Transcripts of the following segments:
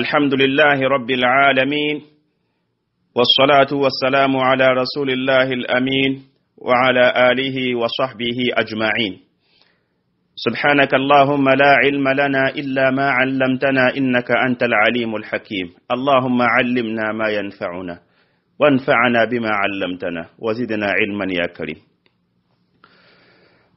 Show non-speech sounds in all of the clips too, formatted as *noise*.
الحمد لله رب العالمين والصلاة والسلام على رسول الله الأمين وعلى آله وصحبه أجمعين سبحانك اللهم لا علم لنا إلا ما علمتنا إنك أنت العليم الحكيم اللهم علمنا ما ينفعنا وانفعنا بما علمتنا وزدنا علما يا كريم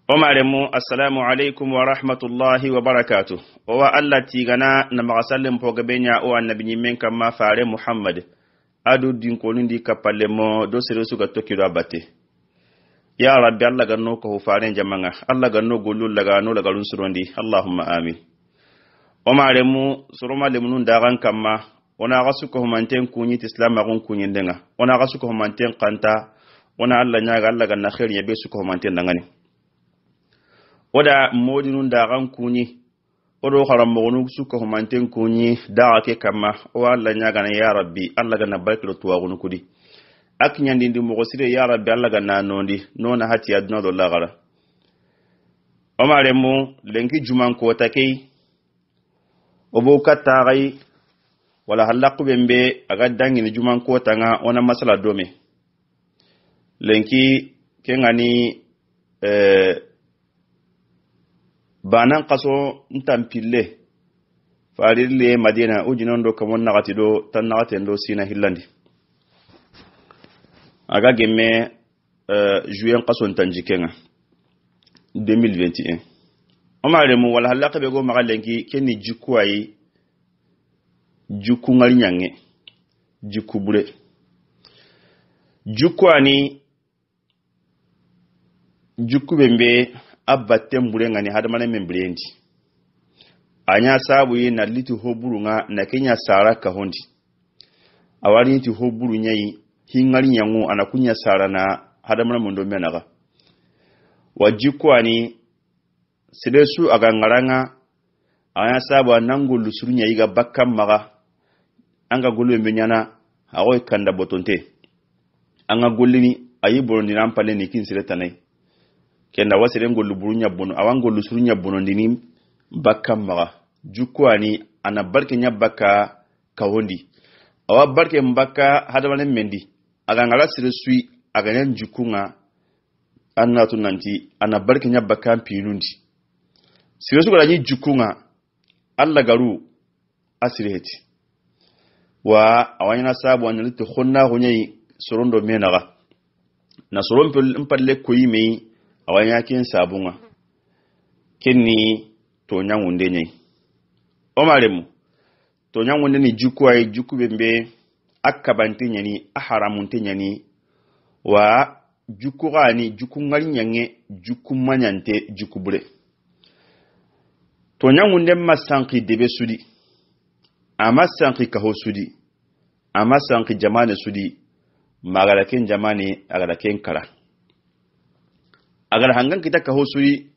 omare mu assalamu alaikum wa rahmatullahi wa barakatu owa allah tigana na sallen pogabe ɲa o annabiɲimmen kanma fare muhammad adu dinkonundi kappalle mo do su ka tokkido a batte ya rabbi allah ganno kahu fare jamanga allah ganno gollul laga no lagalun surondi allahumma amin omare mu soroma lemunun daxan kanma wona xa sukkahumanten kuɲit denga, kuɲindenga wona xa sukkahumanten kanta wona allah ɲaga allah ganna xeriɲe be sukkahumanten dangani woda modi nun daxan kuɲi wodo xaranmogonu sukka humanten kuɲi daxa ke kama wo alla ɲagana ya rabbi Allah gana barkilo tuwaxunu kudi a kiɲandindi mogo sire ya rabbi Allah gana nondi nona hati duna do laxara wo maremu lenki juman ko kei wo bo ka taxai wala hallakuben bembe aga ni juman kota ŋa ona masala dome lenki kengani eh, baanan kaso ntanpille faaririle madina wo jinon do kamo nagati do tan nagaten do sina hillandi aga gemme uh, juyen kaso ntanji kenga 2021 omaremu wala halla kebe go maga lenki keni jukku ayi jukku ŋari ɲange jukku bure jukku ani jukku bembe abbatte mbure ngani hadamane men birendi anya sabu yi na liti hoburu nga na kenya sara ka hondi awari nti hoburu nyai hingari nyangu anakunya sara na hadamane mundo menaga wajikwani sidesu aga ngaranga anya sabu anangu lusuru nyai ga bakkam maga anga gulu menyana awoy kanda botonte anga gulini ayi borondina pale ni kinsire tanai kenda wasire ngollu buru ñabbono awan ngollu suru ñabbonondini bakka maga jukwani ani ana barke ña bakka kawondi awa barke mbaka bakka hadamaden mendi aga ngala sire sui aga ñan jukkunga an natu nanti ana barke ña baka pinundi sire su ñi jukunga alla garu a sire heti wa awa ñana sabu analitte honnaxuñayi sorondo menaxa na soron palle koyi mei awan yakin kin ni to wunde ne o mu to wunde ne juku ay juku bembe a haramun aharamunte nyani wa juku ni juku ngali nyange juku manyante juku bure ma sanki masanki debe sudi ama sanki kaho sudi ama sanki ne sudi jama'a ne agalaken kara agar hangan kita ka hosuri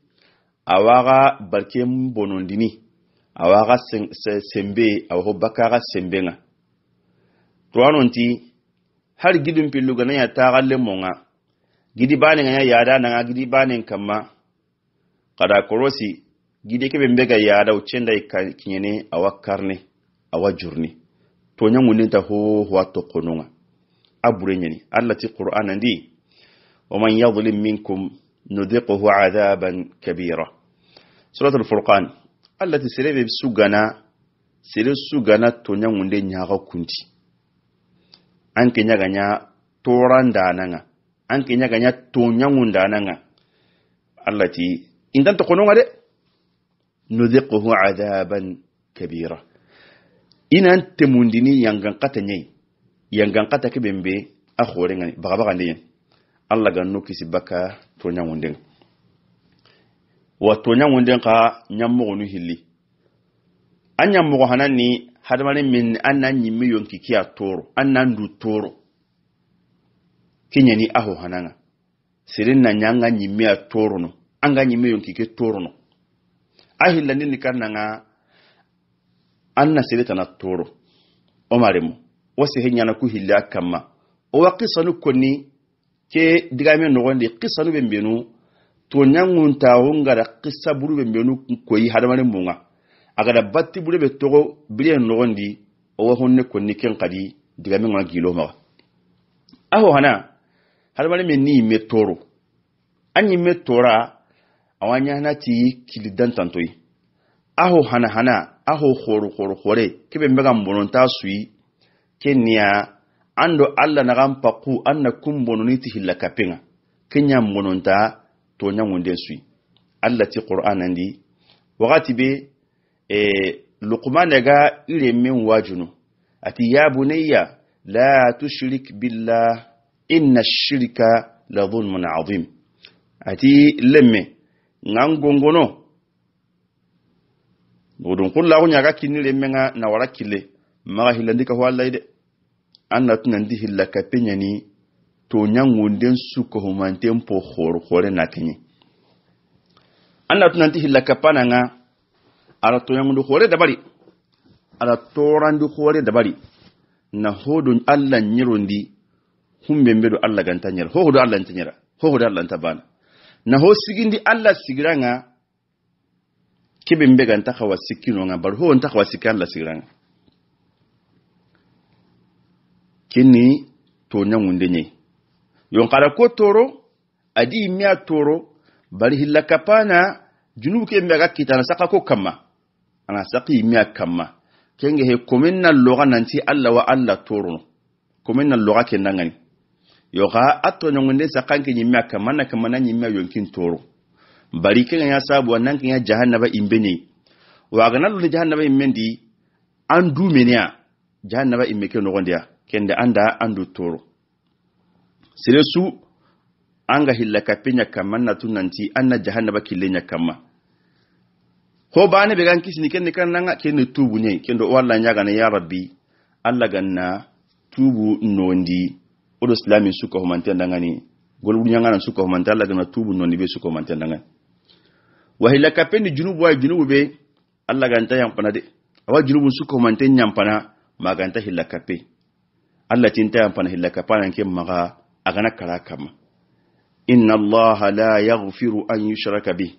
awaga barke bonondini awaga sembe awaho bakaga sembenga tuwanonti har gidin pilluga na ya tagalle monga gidi bane nga yada na nga gidi bane kama kada korosi gidi kebe mbega yada uchenda ikinyene awa karne awa jurni tuwanya ngunita ho huwa tokononga abure nyeni alati qur'ana ndi ومن يظلم منكم نذقه عذابا كبيرا سورة الفرقان التي سلبي بسجنا سلبي سجنا تونيا وندي نياغا كنتي أنك نياغا نيا توران دانانا أنك نياغا نيا تونيا وندانانا التي إن دان تقولون دي نذقه عذابا كبيرا إن أنت مندني ينغن قتا نيي ينغن قتا كبنبي أخوري بغبغا نيي alla ga no kisi baka toɲaŋunden wa toɲaŋunden ka ɲamogonu hilli a ɲamogo hana ni hadamaden min an na ɲimmi yonki kiya toro an nan du toro kiɲani aho hana ŋa sirin na ɲa an ga a toro no an ga ɲimmi yonki ke toro no a hillandi ni kan na ŋa an na siri tana toro o marimu wo sihi ɲana ku hilli a kanma o wa kisanu konni ke digame nogondi kisanu ɓe mbenu to ñanguntawo da kissa buru ɓe mbenu koyi hadamaren munga agada batti buru be togo biriye o wa honne ni ken kadi digame ngona gilo ma aho hana hadamaren men ni yimme toro an yimme tora awa ñahanati kili aho hana hana aho horo horo hore keɓe mbega mbononta sui ke niya ando alla nagan ku anna kun bononi hilla kapenga kenya mononta to nyangunde sui alla ti qur'an andi wakati be e luqman ga ire min wajunu ati ya bunayya la tushrik billah inna ash-shirka la dhulmun adhim ati lemme ngangongono ngodon kullahu ga kinire menga na wara maga hilandika ka anna tunan di hilla ka ni to wunden su ko humanten po hor hore na tenye anna tunan di hilla ka nga ara to nyangundu hore dabari ara randu hore dabari na hodun Allah nyirundi humbe mbedo Allah ganta nyira ho hodo Allah ntanyira ho hodo Allah tabana na ho sigindi Allah sigiranga kibe mbega ganta kawa sikino nga bar ho nta kawa sikalla sigiranga kini toñangunde ñe yonkara ko toro adi miya toro bari hilla kapana junubu ke mbe ga kitana saka ko kama ana saki miya kama kenge he komin na loga nanti alla wa alla toro komin na loga ke nangani yoka atto nyongunde sakanke nyimya kama na kama na nyimya yonkin toro bari kenge ya sabu wannan kenge jahannaba imbe ne wa ga nan jahannaba imbe ndi an du menya jahannaba imbe ke no gondiya kende anda andu toro sire su an ga hilla kafe na tunanti an na jahannaba kille nyakama ho bani be gan kisini kende kan nanga kende tubu nye kendo walla nyaga na ya rabbi alla ganna tubu nondi odo islamin suka humante ndangani golbu nyangana suka humante alla ganna tubu nondi be suka humante ndangani wa hilla ni junubu wa junubu be alla ganta yampana de awa junubu suka humante nyampana maganta hilla kafe allah tin ta amfana hillaka ka panan ke a agana kara kama inna allaha la yaghfiru an yushraka bi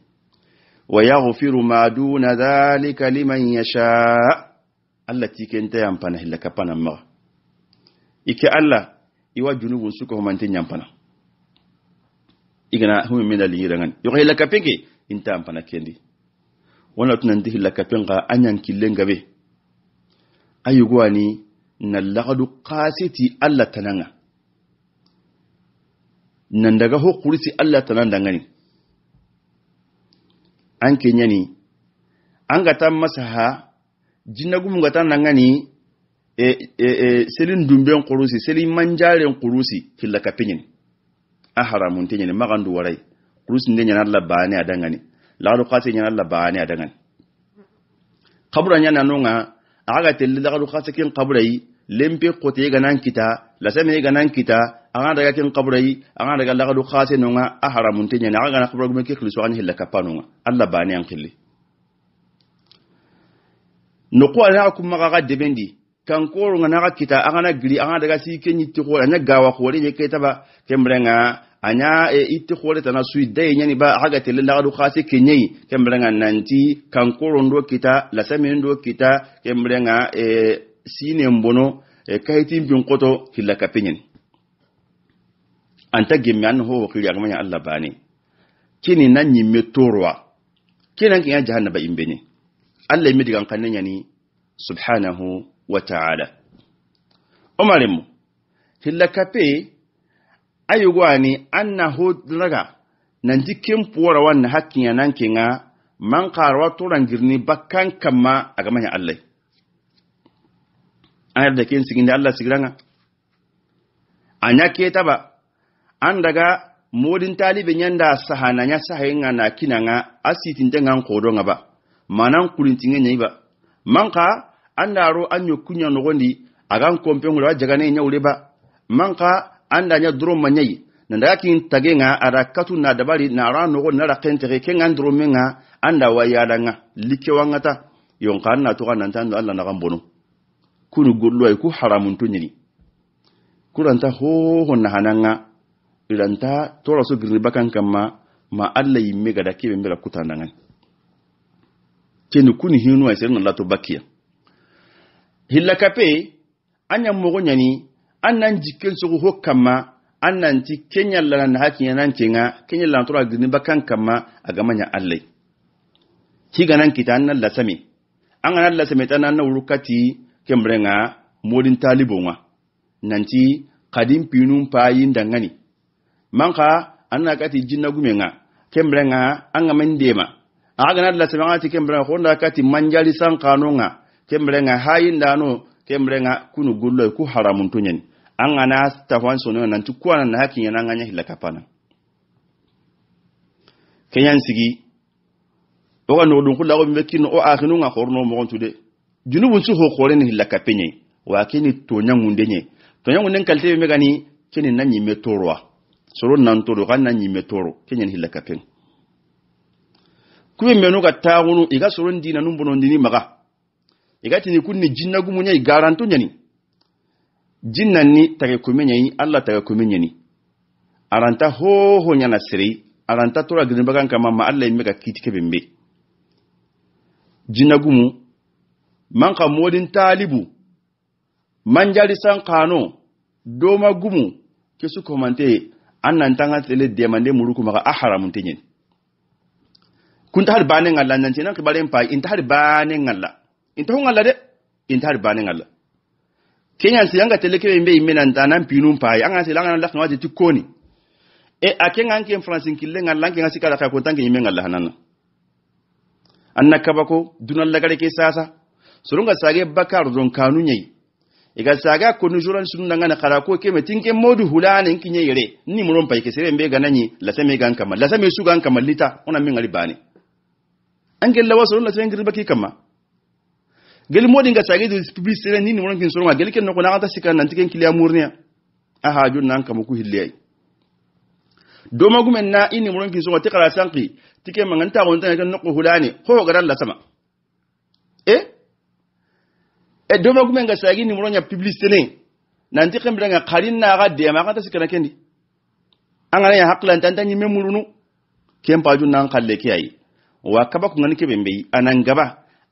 wa yaghfiru ma duna zalika liman yasha allah ti ken ta amfana hilla ka panan maga ike allah iwa junubun suka humante nyampana igana humi mina liyirangan yoko hillaka ka in inta amfana kendi wannan tunan dihilla ka pinka anyan killen gabe ayuguwa ni na lagadu ti Allah tananga nandaga ho kulisi Allah tananda ngani. Anke nyani, angata an masa ha jinagumu gata dangane e, e, e, selin dumben kurusi selin manjale kurusi killa kafin a haramun magandu warai, magan duwarai kurusin da yana Allah nyana a dangane lagadu kasiti nyana Allah bane a dangane kaburan yana nuna a aga kaburai lempe kote ganan kita lasame ganan kita anga daga kin qabrai anga daga lagadu khase nunga a haramun tenya na anga qabra gume ke khlisu an hilla kapanonga Allah bani an khilli no ko ala kum maga gadde bendi kan koro nga naga kita anga na giri anga daga si ke nyitti ko anya gawa ko re ke taba kembrenga anya e itti khore tana sui dai nyani ba haga tele lagadu khase ke nyei kembrenga nanti kan koro ndo kita lasame ndo kita kembrenga e sine bono e kayitin bin koto hilla kapiñin anta gemme an ho wakili agamaña allah bani kini na ñimme torowa kinan kiya jahannaba imbeni allah imi digan kannan yani subhanahu wa ta'ala umarim hilla kape ayugwani anna ho draga nanti ken puwara wanna hakkiya nan kinga man karawa turan girni bakkan kamma agamanya allah an yarda ke sigin da Allah sigiranga anya ke ba an daga modin talibin yanda sahananya sahayin nga na kinanga asitin nkodo nga ba manan kurintinge yanyi ba man ka an manka andaro anyo kunya kan agan kompen wala jagane nya ule ba man manka anda nya duro manyai nanda kin tagenga arakatu na dabari na ran nogon na rakentere kengan duro likewa nga ta yonka an na to kan nan tan Allah na bonu kunu golluway ku haramun ñini kuranta hoho hananga iranta toraso girni bakan kamma ma allah yimme gada keɓe mbela kutandangani keni kuni hinuway sere nan lato bakkiya hilla kape an ñan mogo ñani an nan jikken sogo ho kamma an nanti keñallana naha kiña nan kenga keñallana tora girni bakan kamma agama ña allahy higanan kita an nan lasame an ganan lasame tan na wurukati nga modin talibo nga nanti kadin pinun payin dangani manka anna kati jinna gume nga nga anga mendema aga nadla sabangati nga honda kati manjali sankano nga kemrenga hayin dano nga kunu gullo ku haramun tunyen anga na tafwan sono nanti kuana na hakin yana nganya hilakapana kenyan sigi oga nodun kulago mbekino o akhinu nga horno mo tude. junubun su hokore ni la kapenye wa kini tonya ngunde nye tonya ngunde kalte be megani kini nanyi metorwa soro nan toro kan nanyi metoro kini ni la kapen kuwe menu ka tawunu iga soro ndina numbono ndini maga iga tini kunni jinna gumunya igaranto nyani jinna ni tage kumenya yi alla tage kumenya ni aranta ho ho nyana sirei aranta tora gidin bagan kama ma Allah yi mega kitike bembe jinna man ka modin talibu man san kano doma gumu ke su komante an nan tanga tele de mande muru kuma ka aharamun tinyin kun ta har banin Allah nan tinan nan ka bare pa in ta har banin Allah in ta hun Allah de in ta har banin Allah kenyan si yanga tele kebe mbe imena ntanan pinun pa yanga si langa lakna wati tikoni e akenga anke fransin killenga lanke ngasi kala ka kontanke imenga Allah nanana annaka bako dunan lagare ke sasa surunga sage bakar zon kanu yayi iga saga ko nujuran sunna ngana kara ko ke metin ke modu hulana nki nyai re ni muron pai ke sere mbe nanyi la same gan kama la same su gan kama lita ona min ngari bani angel lawa surun la sengir baki kama gel modi nga sage du bi sere ni ni muron kin suruma gel ken no kona ata nan nanti ken kiliya murniya aha jun nan kama ku hilliyai do magumen na ini muron kin surunga tikara sanki tike manganta wonta ken no hulani ko garan la sama eh e doma gumen ga sagi ni muronya publicité ne nanti kan bidanga karin na ga de ma kata sikana kendi an ana ya haklan tan tan yimme kem paju nan kalle ke ayi wa kaba ku ngani ke bembe anan gaba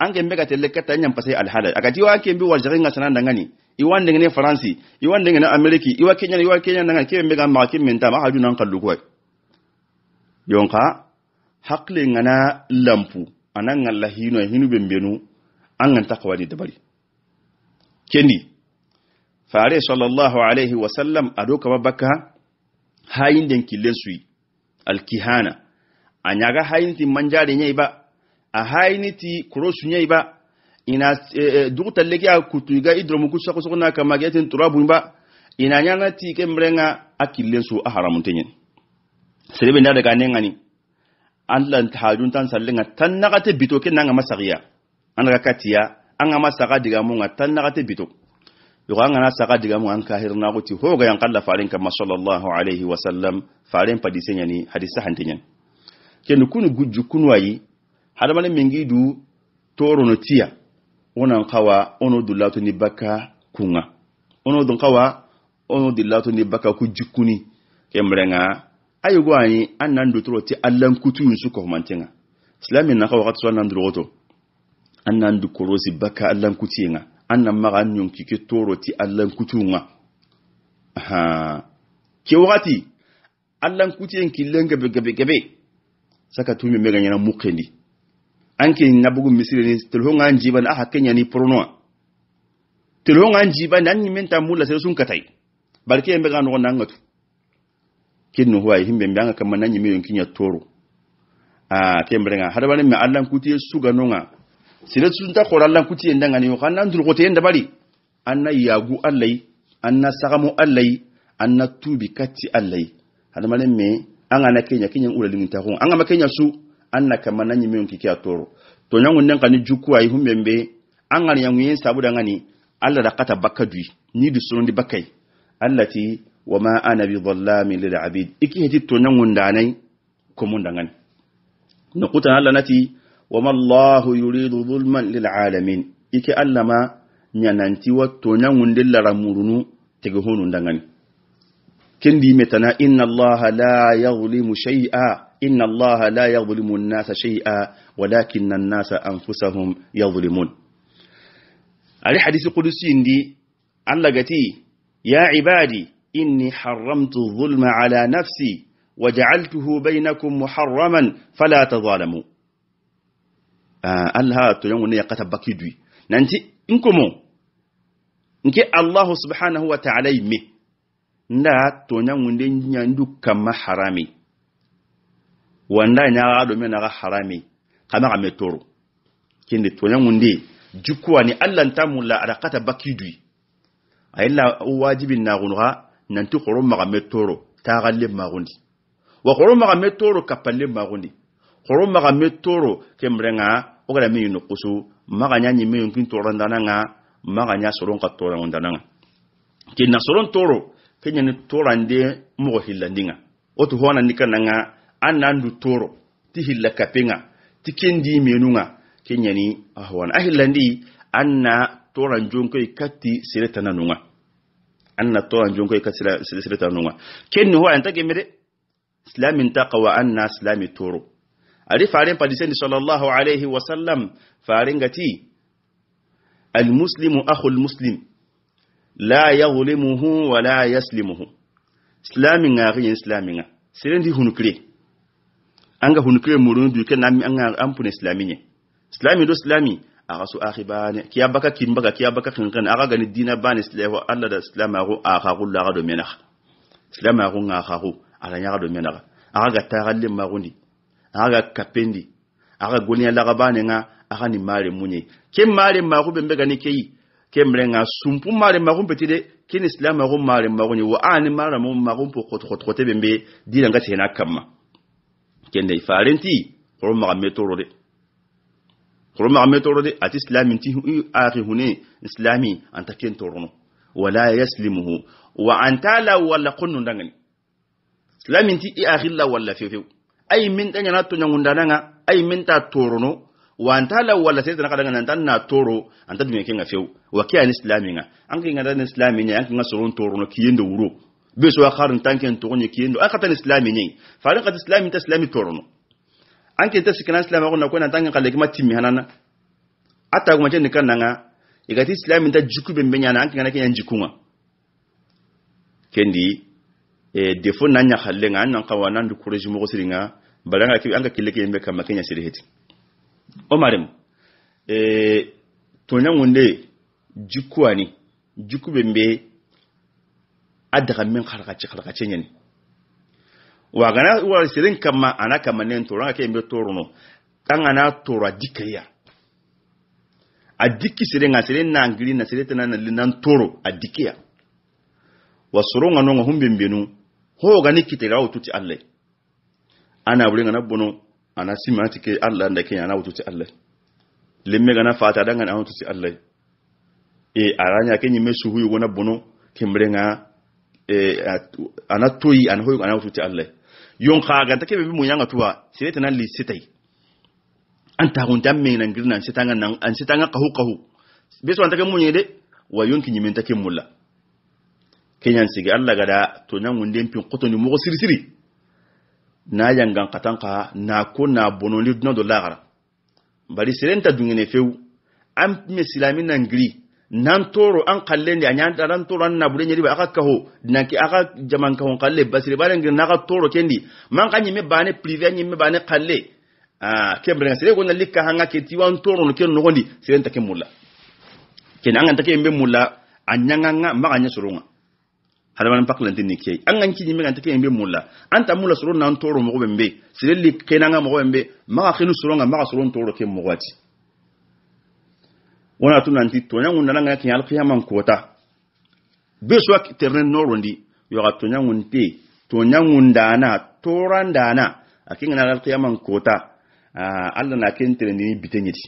an gembe ga telle kata nyam pasai alhala aga ti wa kembe wa jarin ga sanan dangani i wande ngene france i wande ngene america i wa kenya i wa kenya nan ke mbega ma ke menta ma haju nan kallu ko yonka hakle ngana lampu anan ngalla hinu hinu bembenu an nganta dabari kini fare sallallahu alaihi wasallam ado kama baka hayin den killen suyi alkihana a hayin hayinti manjare nyai ba a hayin ti korosu nyai ba ina eh, eh, dugutallegi a kutu ga idromu ku sako sako na kama getin turabuyi ba ina nyana ti ke mrenga a killen su a haramunte ñen serebe nda daga ngani an lan tahajun tan sallinga tan nagate bitoke ke nanga masariya an daga katiya an ga ma saka diga mun ga tan na te bito yogo an saka diga mun an na ho ga kalla farin kama sallallahu alaihi wasallam sallam farin padise nyani hadisa hantinya kenu kunu gujju kunu ayi hada male mingi du toro no tiya onan kawa ono dulatu ni baka kunga ono don kawa ono dillato ni baka ku jukuni kemrenga ayugo ayi annan du toro ti allan kutu yunsu ko mantenga islamin na kawa katsuwa nan duroto an nan baka allan kuti nga an nan maga an toro ti allan kutu nga aha ke wati allan kuti en killen gabe gabe gabe saka tumi mega nyana mukeni anke bugu misiri ni telho nga njiban aha kenya ni prono telho nga njiban nan ni menta mula se sun katai barke en mega no nan ngatu no huwa himbe mbanga kamana nyi mi yonki toro a ah, kembre hada bani me allan kuti suga no sire sunta lan kuti en ngani yo xanna ndurgote en dabari an na yagu allai an na sagamu allai an na kati allai. allayi hadamaren me an na kenya kenyan uralinginta hon an ga ma kenya su an na kama na ñimeyon kike a toro to nyangu nen kani juku ayi humben be an ga yangu yen sabuda ngani allah da kata bakka duyi ni du sonondi bakkay allati wama ana bi dhallami lil abid iki heti to nyangu danai ko mun dangani no kutan allah nati وما الله يريد ظلما للعالمين إك ألما نانتي وتنون للرمورنو تجهون دعاني كندي متنا إن الله لا يظلم شيئا إن الله لا يظلم الناس شيئا ولكن الناس أنفسهم يظلمون على حديث قدسي دي الله يا عبادي إني حرمت الظلم على نفسي وجعلته بينكم محرما فلا تظالموا Ah, alha to yangu ne baki bakidui nanti inkomo nke allah subhanahu wa ta'ala me nda to yangu ne nyandu ma harami wanda nyaga do mena ga harami kama ga metoro kinde to yangu wani jukuwa ni allah ntamula arakata bakidui ayilla wajibin na gunwa nanti khoro maga metoro ta galle gundi wa khoro ka metoro ma gundi khoro maga metoro ke mrenga ogara mi no kusu maga nya nyime mi kin toro ndana nga maga nya soron ka toro ndana nga ke na soron toro ke nya ni toro ande mo hilandinga otu hona nikana nga anandu toro ti hilla kapenga ti kendi menunga ke nya ni ahwana ahilandi anna toran njonko ikati sireta nanunga anna toran jonko katti sireta nanunga ni ho anta gemere islamin taqwa anna islami toro ari farin padisen sallallahu alaihi wasallam farin gati al al-muslimu akhul muslim la yaghlimuhu wa la yaslimuhu islamin ga yin islamin ga sirin di hunukre an ga hunukre murun duke na mi an an fune islamin ye islami do islami a rasu akhi ne kiya baka kin baka kiya baka kin kan aga gani dina ne islamu Allah da islama go aga kullu aga do mena islama go nga ga go ala nya do mena aga ga ta galle magundi aga kapendi aga gonya lagabane nga aga ni mare munye ke mare magube mbega ni kei ke mrenga sumpu mare magumbe tide kin islam magum mare magunye wa ani ah, mara mu magum po kot kot kote bembe dina tena kama ke kende farenti ro ma metoro de ro ma metoro de ati islam ti akhi hune islami anta ken torono wala yaslimuhu wa anta la wala qunnu dangani islam inti i akhi la wala fefew ay min tanya na tonya ngundana nga ay min ta torono wanta la wala sai tana kadanga nan na toro anta dunya kinga few wa kiya ni islami nga an kinga da islami nya an kinga soron torono da wuro be so akarin tanken to toronye kiyendo aka tan islami nyi faran kad islami ta islami torono an kinta sikana islami ko na ko nan tanken kalle kuma timmi hanana ata kuma jeni kan nga igati islami ta jiku be mbenya na an kinga na kinga jikunga kendi e defo nanya khalle nga nan kawana ndu kureji ko siringa baranga ki anga kileke ki yimbe kama kenya siri heti omarem e eh, tonya ngunde juku jukube mbe adaga min kharga ci kharga ci nyani wa gana wa sirin kama anaka manen nen to ranga ki yimbe torono kan ana tora dikaya adiki sirin ga sirin na ngiri na sirin tana linan toro adikiya wasurunga nonga humbembenu ho gani kitirawo tuti allai ana wurin na bono ana sima tike Allah da kenya na wututi Allah limme gana fata dan gana wututi Allah e aranya kenyi mesu huyu wona bono nga e ana toyi an hoyu ana wututi Allah yon kha ganta kebe bi munyanga tuwa sirete na lisitai ta hun me nan girna ta nan an ta sitanga qahu qahu beso antake munye de wa yonki nyimen take mulla kenyan sigi Allah gada to nan wunden pin qotoni mu siri siri na yangan katanka na kuna na bonoli dunan do lagara bari siren ta dungene feu am me silami nan giri nan toro an kalle da anyan daran toro an nabure nyeri ba akaka ho nan ki aka jaman kahon kalle basiri baren na ka toro kendi man kan yime bane privé yime bane kalle ah kembre sire ko na likka hanga ke tiwan toro no ken no siren ta ke mulla ken an ta mbe mulla anyanga nga maganya surunga hadaman pakla tin ke an an kinyi megan take embe mulla anta mulla soro nan toro mo gombe sirelli kenanga mo gombe ma khinu soro nga ma soro toro ke mo wati wana tun nanti to nyangu nan nga kin alqiyaman kota be so ak terren norondi yo ga to nyangu nte to nyangu ndana toran dana akin nan alqiyaman kota Allah na kin terren ni bitenyiti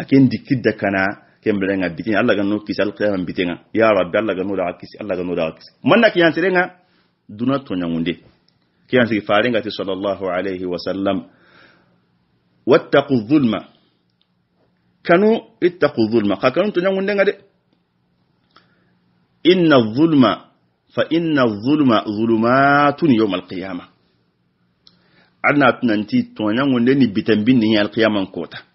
akin dikidda kana kembrenga dikin Allah ga no kisi alqiyam bitenga ya rabbi Allah ga no da kisi Allah ga no da kisi manna kiyan sirenga duna to nyangunde kiyan sigi farenga ti sallallahu alaihi wa wasallam wattaqu dhulma kanu ittaqu dhulma ka kanu to nga ngade inna dhulma fa inna dhulma dhulumatun yawm alqiyamah anna tunanti to nyangunde ni bitambin ni alqiyamah kota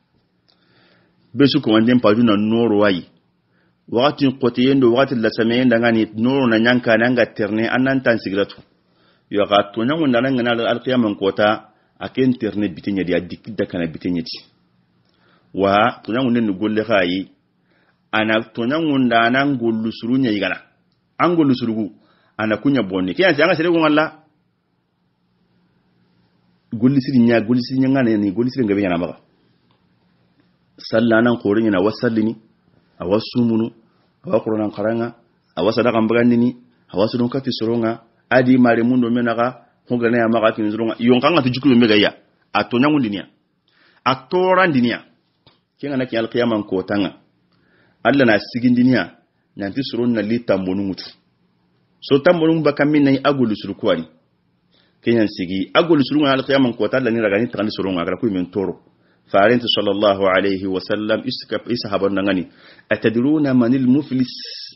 be su komanden pajuna noro wayi wakati kotiyen do wakati lasameyen da ngani noro na nyanka na nga terne annan tan sigratu yo ka to nyango na nga na alqiyamon kota aken terne bitinya dia da kana bitinya ti wa to nyango ne golle khayi ana to nyango da nan suru surunya yigana an gollu surugu ana kunya bonni kiyan sai anga sere gon Allah golli siri nya golli siri nya ngane ni golli siri ngabe yana maka sallah nan korin yana wasalli ni a wasu munu a wasu nan karanga a wasu dakan bagandi ni a wasu don kafi suronga adi mare mun domin naka hunga na ya maka fi soronga yon kan ta jukulu mega ya a to nyangun diniya a toran diniya kin ga kin alqiyaman ko tanga Allah na sigin diniya nan ti suron na li tambonu mutu so tambonu kan min nay agulu surkuwani yan sigi agulu surunga alqiyaman ko ta Allah ni ragani tangani soronga ga ku min toro farinti صلى الله عليه وسلم إسكب nan gani أتدرون من المفلس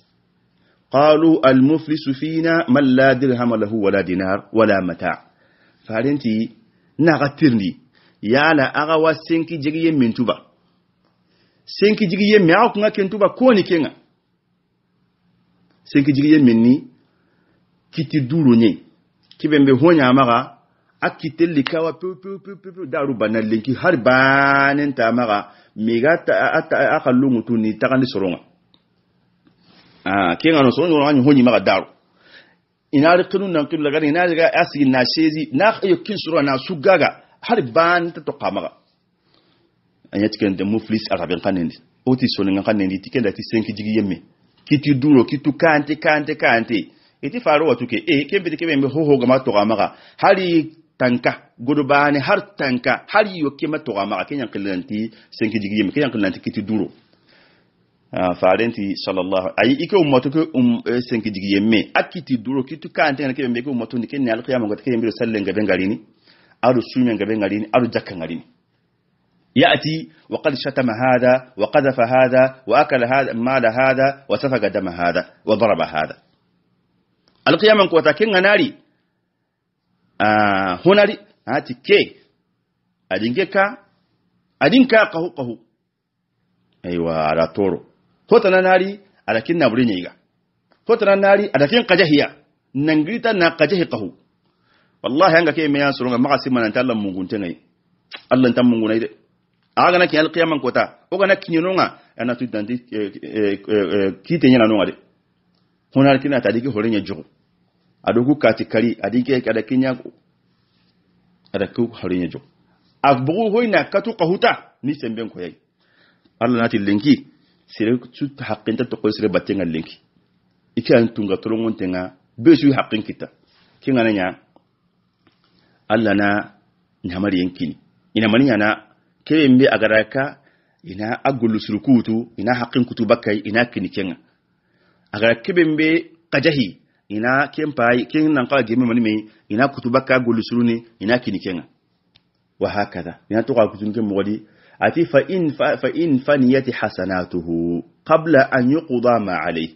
قالوا المفلس فينا من لا درهم له ولا دينار ولا متاع فارنتي نغترني يالا اغوا سينكي جيغي من توبا سينكي جيغي مياك توبا كوني كينا سينكي جيغي مني كيتي دورو ني كيبمبي هونيا ماغا a akite likawa peu peu peu peu daru banalle ki har banen ta maga mi ga ta aka lungu tu ni ta kan soronga ah ke ngano soronga ngani honi maga daru ina ri n'a nan kin lagari ina ga asigi na shezi na yo kin soro na sugaga har ban ta to kamaga anya tiken de muflis arabin kanen oti soninga kanen di tiken da ti senki jigi yemme kiti duro kitu kante kante kante iti faruwa tuke eh kembe kembe ho ho gama to kamaga hari tanka godobane har tanka har yo kima to ma ke kilanti senki digi jigi kenya kilanti kiti duro farenti sallallahu ayi ike ummato ke um senki digi jigi akiti duro kitu ka antena ke yemme ke ummato ni ke ne alqiyam ngot ke yemme sallen ga bengarini aru sumen ga bengarini aru jakka ngarini يأتي وقد شتم هذا وقذف هذا وأكل هذا مال هذا وسفك دم هذا وضرب هذا القيامة قوتا ناري Hunari ah, honari ati ah, ke adinke ka adinka qahu qahu aiwa ara toro hotana nari adakin nabure nyiga hotana nari adakin qajahiya nangrita na kajahi kahu. wallahi hanga ke me yasurunga maka simana ta Allah mungunte ngai Allah tan mungunai de aga na ki alqiyaman kota oga na kinyononga ana tudandi eh, eh, eh, kite nyana nonga de Hunari kina ta tadigi horenya jogo adoku kati kari adinke kada kinya adaku harinya jo agbugu ka katu qahuta ni semben ko allah Allah nati linki sire su haqqinta to ko sire batenga linki iki an tunga tolongon tenga su haqqin kita kinga nya Allah na nyamar yankini ina mani na kebe mbe agaraka ina agulu surkutu ina haqqin kutu bakai ina kinikenga agaraka kebe mbe kajahi ina ken pai ken nan ka gemi mani mai ina kutuba ka gulu suruni ina kini kenga wa hakaza ina to ka kutun ke modi ati fa in fa in faniyati hasanatuhu qabla an yuqda ma alayhi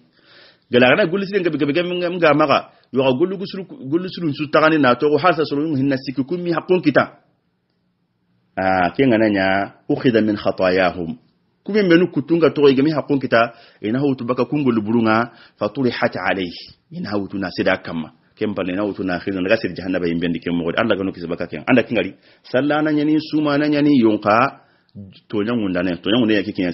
gala gana gulu sirin gabi gabi gabe ga maka yo ga gulu gusuru gulu surun su tagani na to hasa sa surun hinna mi hakun kita a kenga nanya ukhida min khatayahum kumi menu kutunga to igami hakun kita ina hautu baka luburunga faturi hati alayhi ina hautu na sida kama kempa ina nautu na khirin daga sir jahannaba yin bendi kem anda kingali sala na nyani suma na nyani yonka to nyangunda ne to nyangunda yake kinya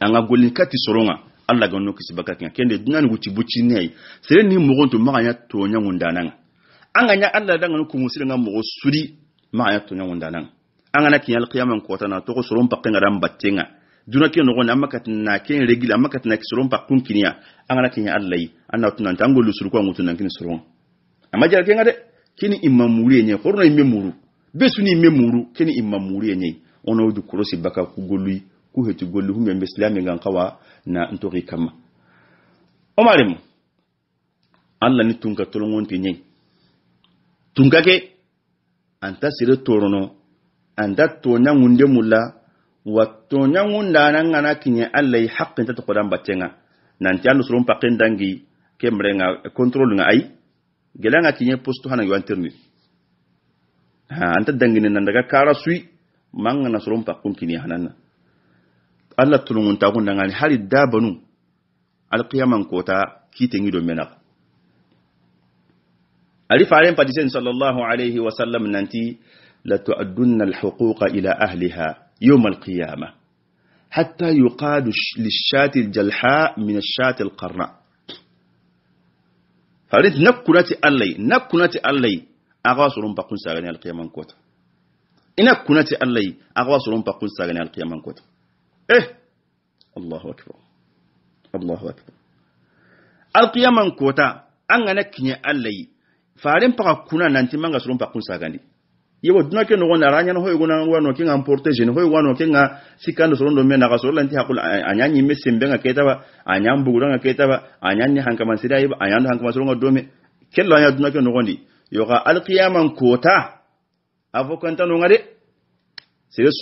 anga golin kati soronga anda ganu kisbaka kende dunani wuti buci ne sire ni mogon to ya to anga nya anda danganu kumusira nga mogo suri ya an angana kinyal qiyaman kota na to soron pakken ran battenga duna ke no gona makat na ke regila makat na soron pakkun kinya an angana kinya allai anna tunan tango lusuru ko ngutun nan kin soron amma jar ke ngade kini imam muri nye horno imme muru besuni imme muru kini imam muri nye ona wudu kurosi baka ku golui ku hetu golui humbe islami ngan kawa na ntori kama omarim Allah ni tunka tolongon tinye tunkake anta sire torono anda tonya ngunde mula wa tonya ngunda nan ngana kinye Allah haqqin ta kodan batenga nan ti Allah surun pakin dangi ke mrenga control nga ai gelanga kinye postu hana yo internet ha anta dangi nan daga kara sui manga na surum pakun kinye hanana Allah tulungun ta kun dangani hari dabanu alqiyaman kota kitengi do menak ali alim padisen sallallahu alaihi wasallam nanti لتعدن الحقوق إلى أهلها يوم القيامة حتى يقاد للشاة الجلحاء من الشاة القرناء فريد نكنت اللي نكنت اللي أغاس رمبا قنسا غني القيامة كوتا إن كنت اللي أغاس رمبا قنسا غني القيامة كوتا إيه الله أكبر الله أكبر القيامة كوتا أنا نكني اللي فارين بقى كنا ننتي مانغاس رمبا قنسا غني yewo duna ke nogo nara anyana hoyo gona wano ke nga mporte jene hoyo wano ke nga sikano solo ndo mena gasolo lanti hakula anyanyi me sembe nga ketaba anyambu gura nga ketaba anyanyi hankaman sira yiba anyando hankaman solo nga dome kello anya duna ke nogo ndi yoga alqiyaman kota kanta no ngade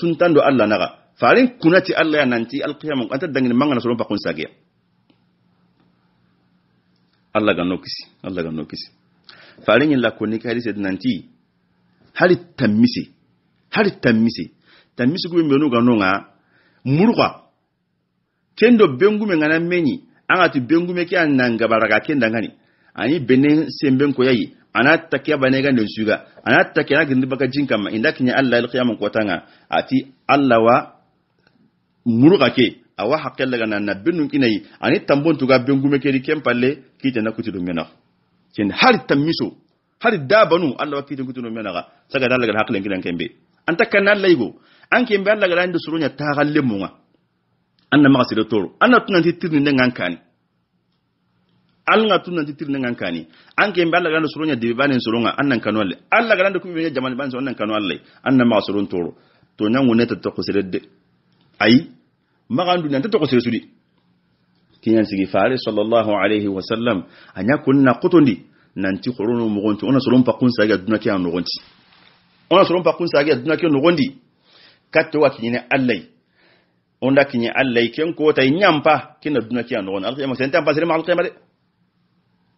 suntan do alla naga farin kunati alla ya nanti alqiyaman kanta dangin mangana solo kun sagiya alla ga nokisi alla ga nokisi farin yin lakoni kali hadisi nanti hali tamise hali tamise tamise kube menu ga nonga murwa kendo bengume ngana menyi anga tu bengume ke ananga baraga kenda ngani ani benen semben ko yayi anata takiya banega ga nsuga ana takiya gindi baka jinka ma inda kinya Allah alqiyam ko tanga ati Allah wa murga ke awa haqqalla ga nan bennun kinai ani tambon tuga bengume ke ri kempalle na kutidu mena kin har tamiso hari dabanu allah wapiti kutuno menaga saga dalla gal haklen kidan kembe anta kana laygo an kembe allah gal andi surunya ta galle munga anna maga sido toro anna tunan titirni den ngankani alga tunan titirni ngankani an kembe allah gal surunya dibe surunga annan kanwalle allah gal andi kumbe jamani banen surunga annan kanwalle anna maga surun toro to nyangu neta to kusiredde ay maga andu ta to kusiresudi kinyan sigi fare sallallahu alaihi wasallam anya kunna qutundi nanti horono mogonti ona soron pakun ga adunake an nogondi ona soron pakun sage adunake nogondi katto wa kinyine allai onda kinyi allai ken ko tay nyampa kina dunake an nogon alqiyama sen mpa sere ma alqiyama de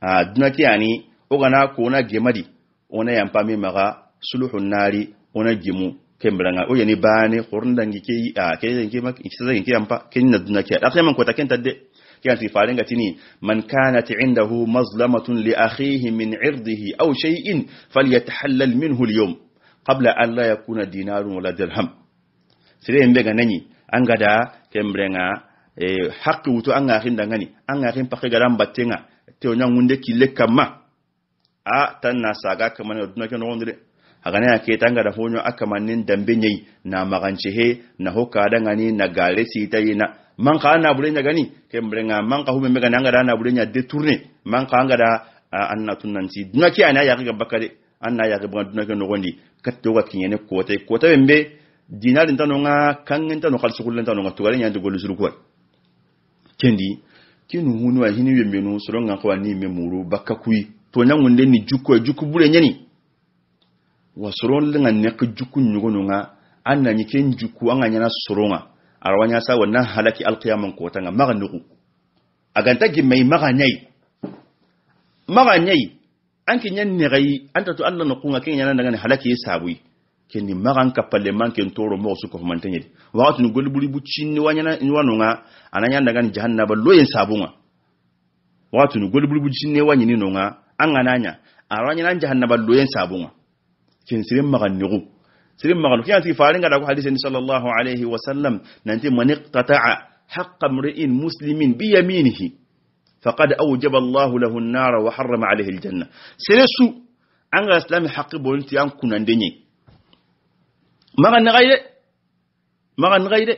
a dunake ani o gana ko na gemadi ona yampa mi maga suluhun nari ona gemu kembranga o yani bane horondangi ke a ke yanki mak ikisa zangi yampa ken na dunake alqiyama ko ta ken tadde كانت فارنغة تني من كانت عنده مظلمة لأخيه من عرضه أو شيء فليتحلل منه اليوم قبل أن لا يكون دينار ولا درهم سيرين بيغا نني أنغدا كمبرنغا حق وتو أنغاخين دانغاني أنغاخين بخي غرام باتنغا تيو نغنده كي لكما a tan na saga kamar da duna kyan wani hagane ya ke tanga da fonyo aka mannin dambe nyai na magance he na hokada ngani na gare si na manka ana nya gani kembrenga manka hume mega nanga ana burenya détourner manka anga da anna tunanti ki ana ya ga bakare anna ya ga bugan ke no gondi katto ga kinyene kota kota dinar nta no nga no khal sukul nta no nga tugare nyande golu suru kwa kendi kinu hunu ahini yembe no soronga kwa ni memuru bakakui to ngunde ni jukko jukku bure nyani wasoron lenga nek jukku nyugo nga anna jukku anganya na suru nga arwanya sa wannan halaki alqiyaman ko tanga maganuku aganta mai maganyai maganyai an kinyan ne gai an to Allah na kunga kin yana daga halaki sabui kin ni magan kapalle man kin toro mo su ko mantanye wakati ni golbuli bucin ni wanyana ni wanunga ananya daga jahannaba loyen wa wakati ni golbuli bucin ne wanyini nuna an gananya arwanya nan jahannaba loyen sabunga kin sirin maganuku سيرين مغلو كيان تي فارين غدا حديث صلى الله عليه وسلم ننتي من اقتطع حق امرئ مسلم بيمينه فقد اوجب الله له النار وحرم عليه الجنه سيرسو ان الاسلام حق بولتي ان كونانديني ما غن غايده ما غن غايده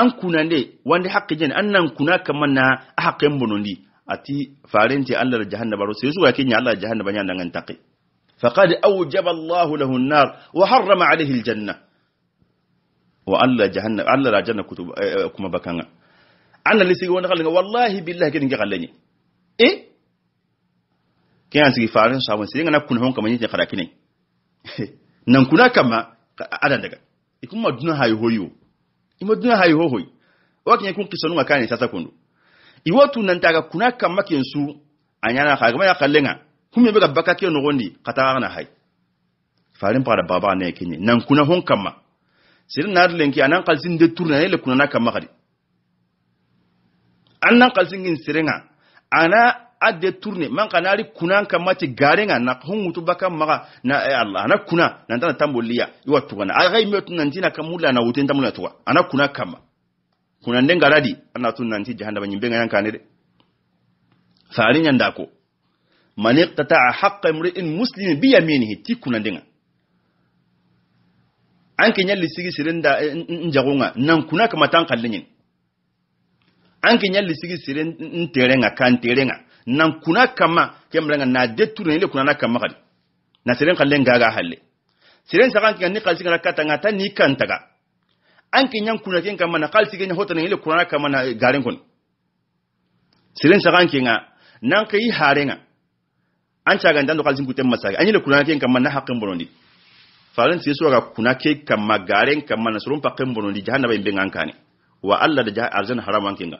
ان كوناندي واندي حق جن ان نان نعم كنا كمنا نعم حق امبونندي اتي فارينتي الله جهنم بارو سيرسو يكين الله جهنم بنيان نان نعم تقي فقد أوجب الله له النار وحرم عليه الجنة وألا جهنم ألا لا جنة كتب آه، آه، كما بكنا أنا اللي سيقول نقول والله بالله كن قالني إيه كان سيقول فارس لك سيقول أنا كن هون كمان يجي خلاكني نكونا كما أنا *laughs* نجا يكون ما دون هاي هويو يما دون هاي هوي wakin yakun kisanu مكاني sasa kundu iwotu nantaka kunaka makinsu anyana khagma ya kallenga kume be ga baka ke no gondi kata na hay farin para baba ne kenye nan kuna hon kama sirin na nar lenki anan kalsin de turna ne le kuna na kama kadi anan kalsin gin sirenga ana adde turne man kanari kunan kama ti garenga na hon mutu baka maga na eh, Allah ana kuna nan tan tamboliya iwa tuwana a gai metu nan jina kamula na wutin tamula tuwa ana kuna kama kuna ndenga radi ana tun nan ti jahannama nyimbe ngayan kanede farin yandako man a haqqa imri'in biya mini hiti kuna dina an kin yalli sigi sirinda eh, njagunga nan kuna kama tan kallinin an kin yalli sigi sirin nterenga kan terenga nan kuna kama kemrenga na detura ne kuna na kama kali na sirin kallen gaga halle sirin sakan ke ni kalsi kana katanga ta ni kantaga an kin yan kuna ken kama na kalsi ke hota ne kuna kama na garin kun sirin sakan ke nga nan ke yi harenga an ca ndando kalsin kutem masage anyi le kuna ke kan na haqqin bonondi faran sai suwa kuna ke kan magaren kan manna surun paqqin bonondi jahannaba imbe ngankani wa Allah da jah arjan haram ankinga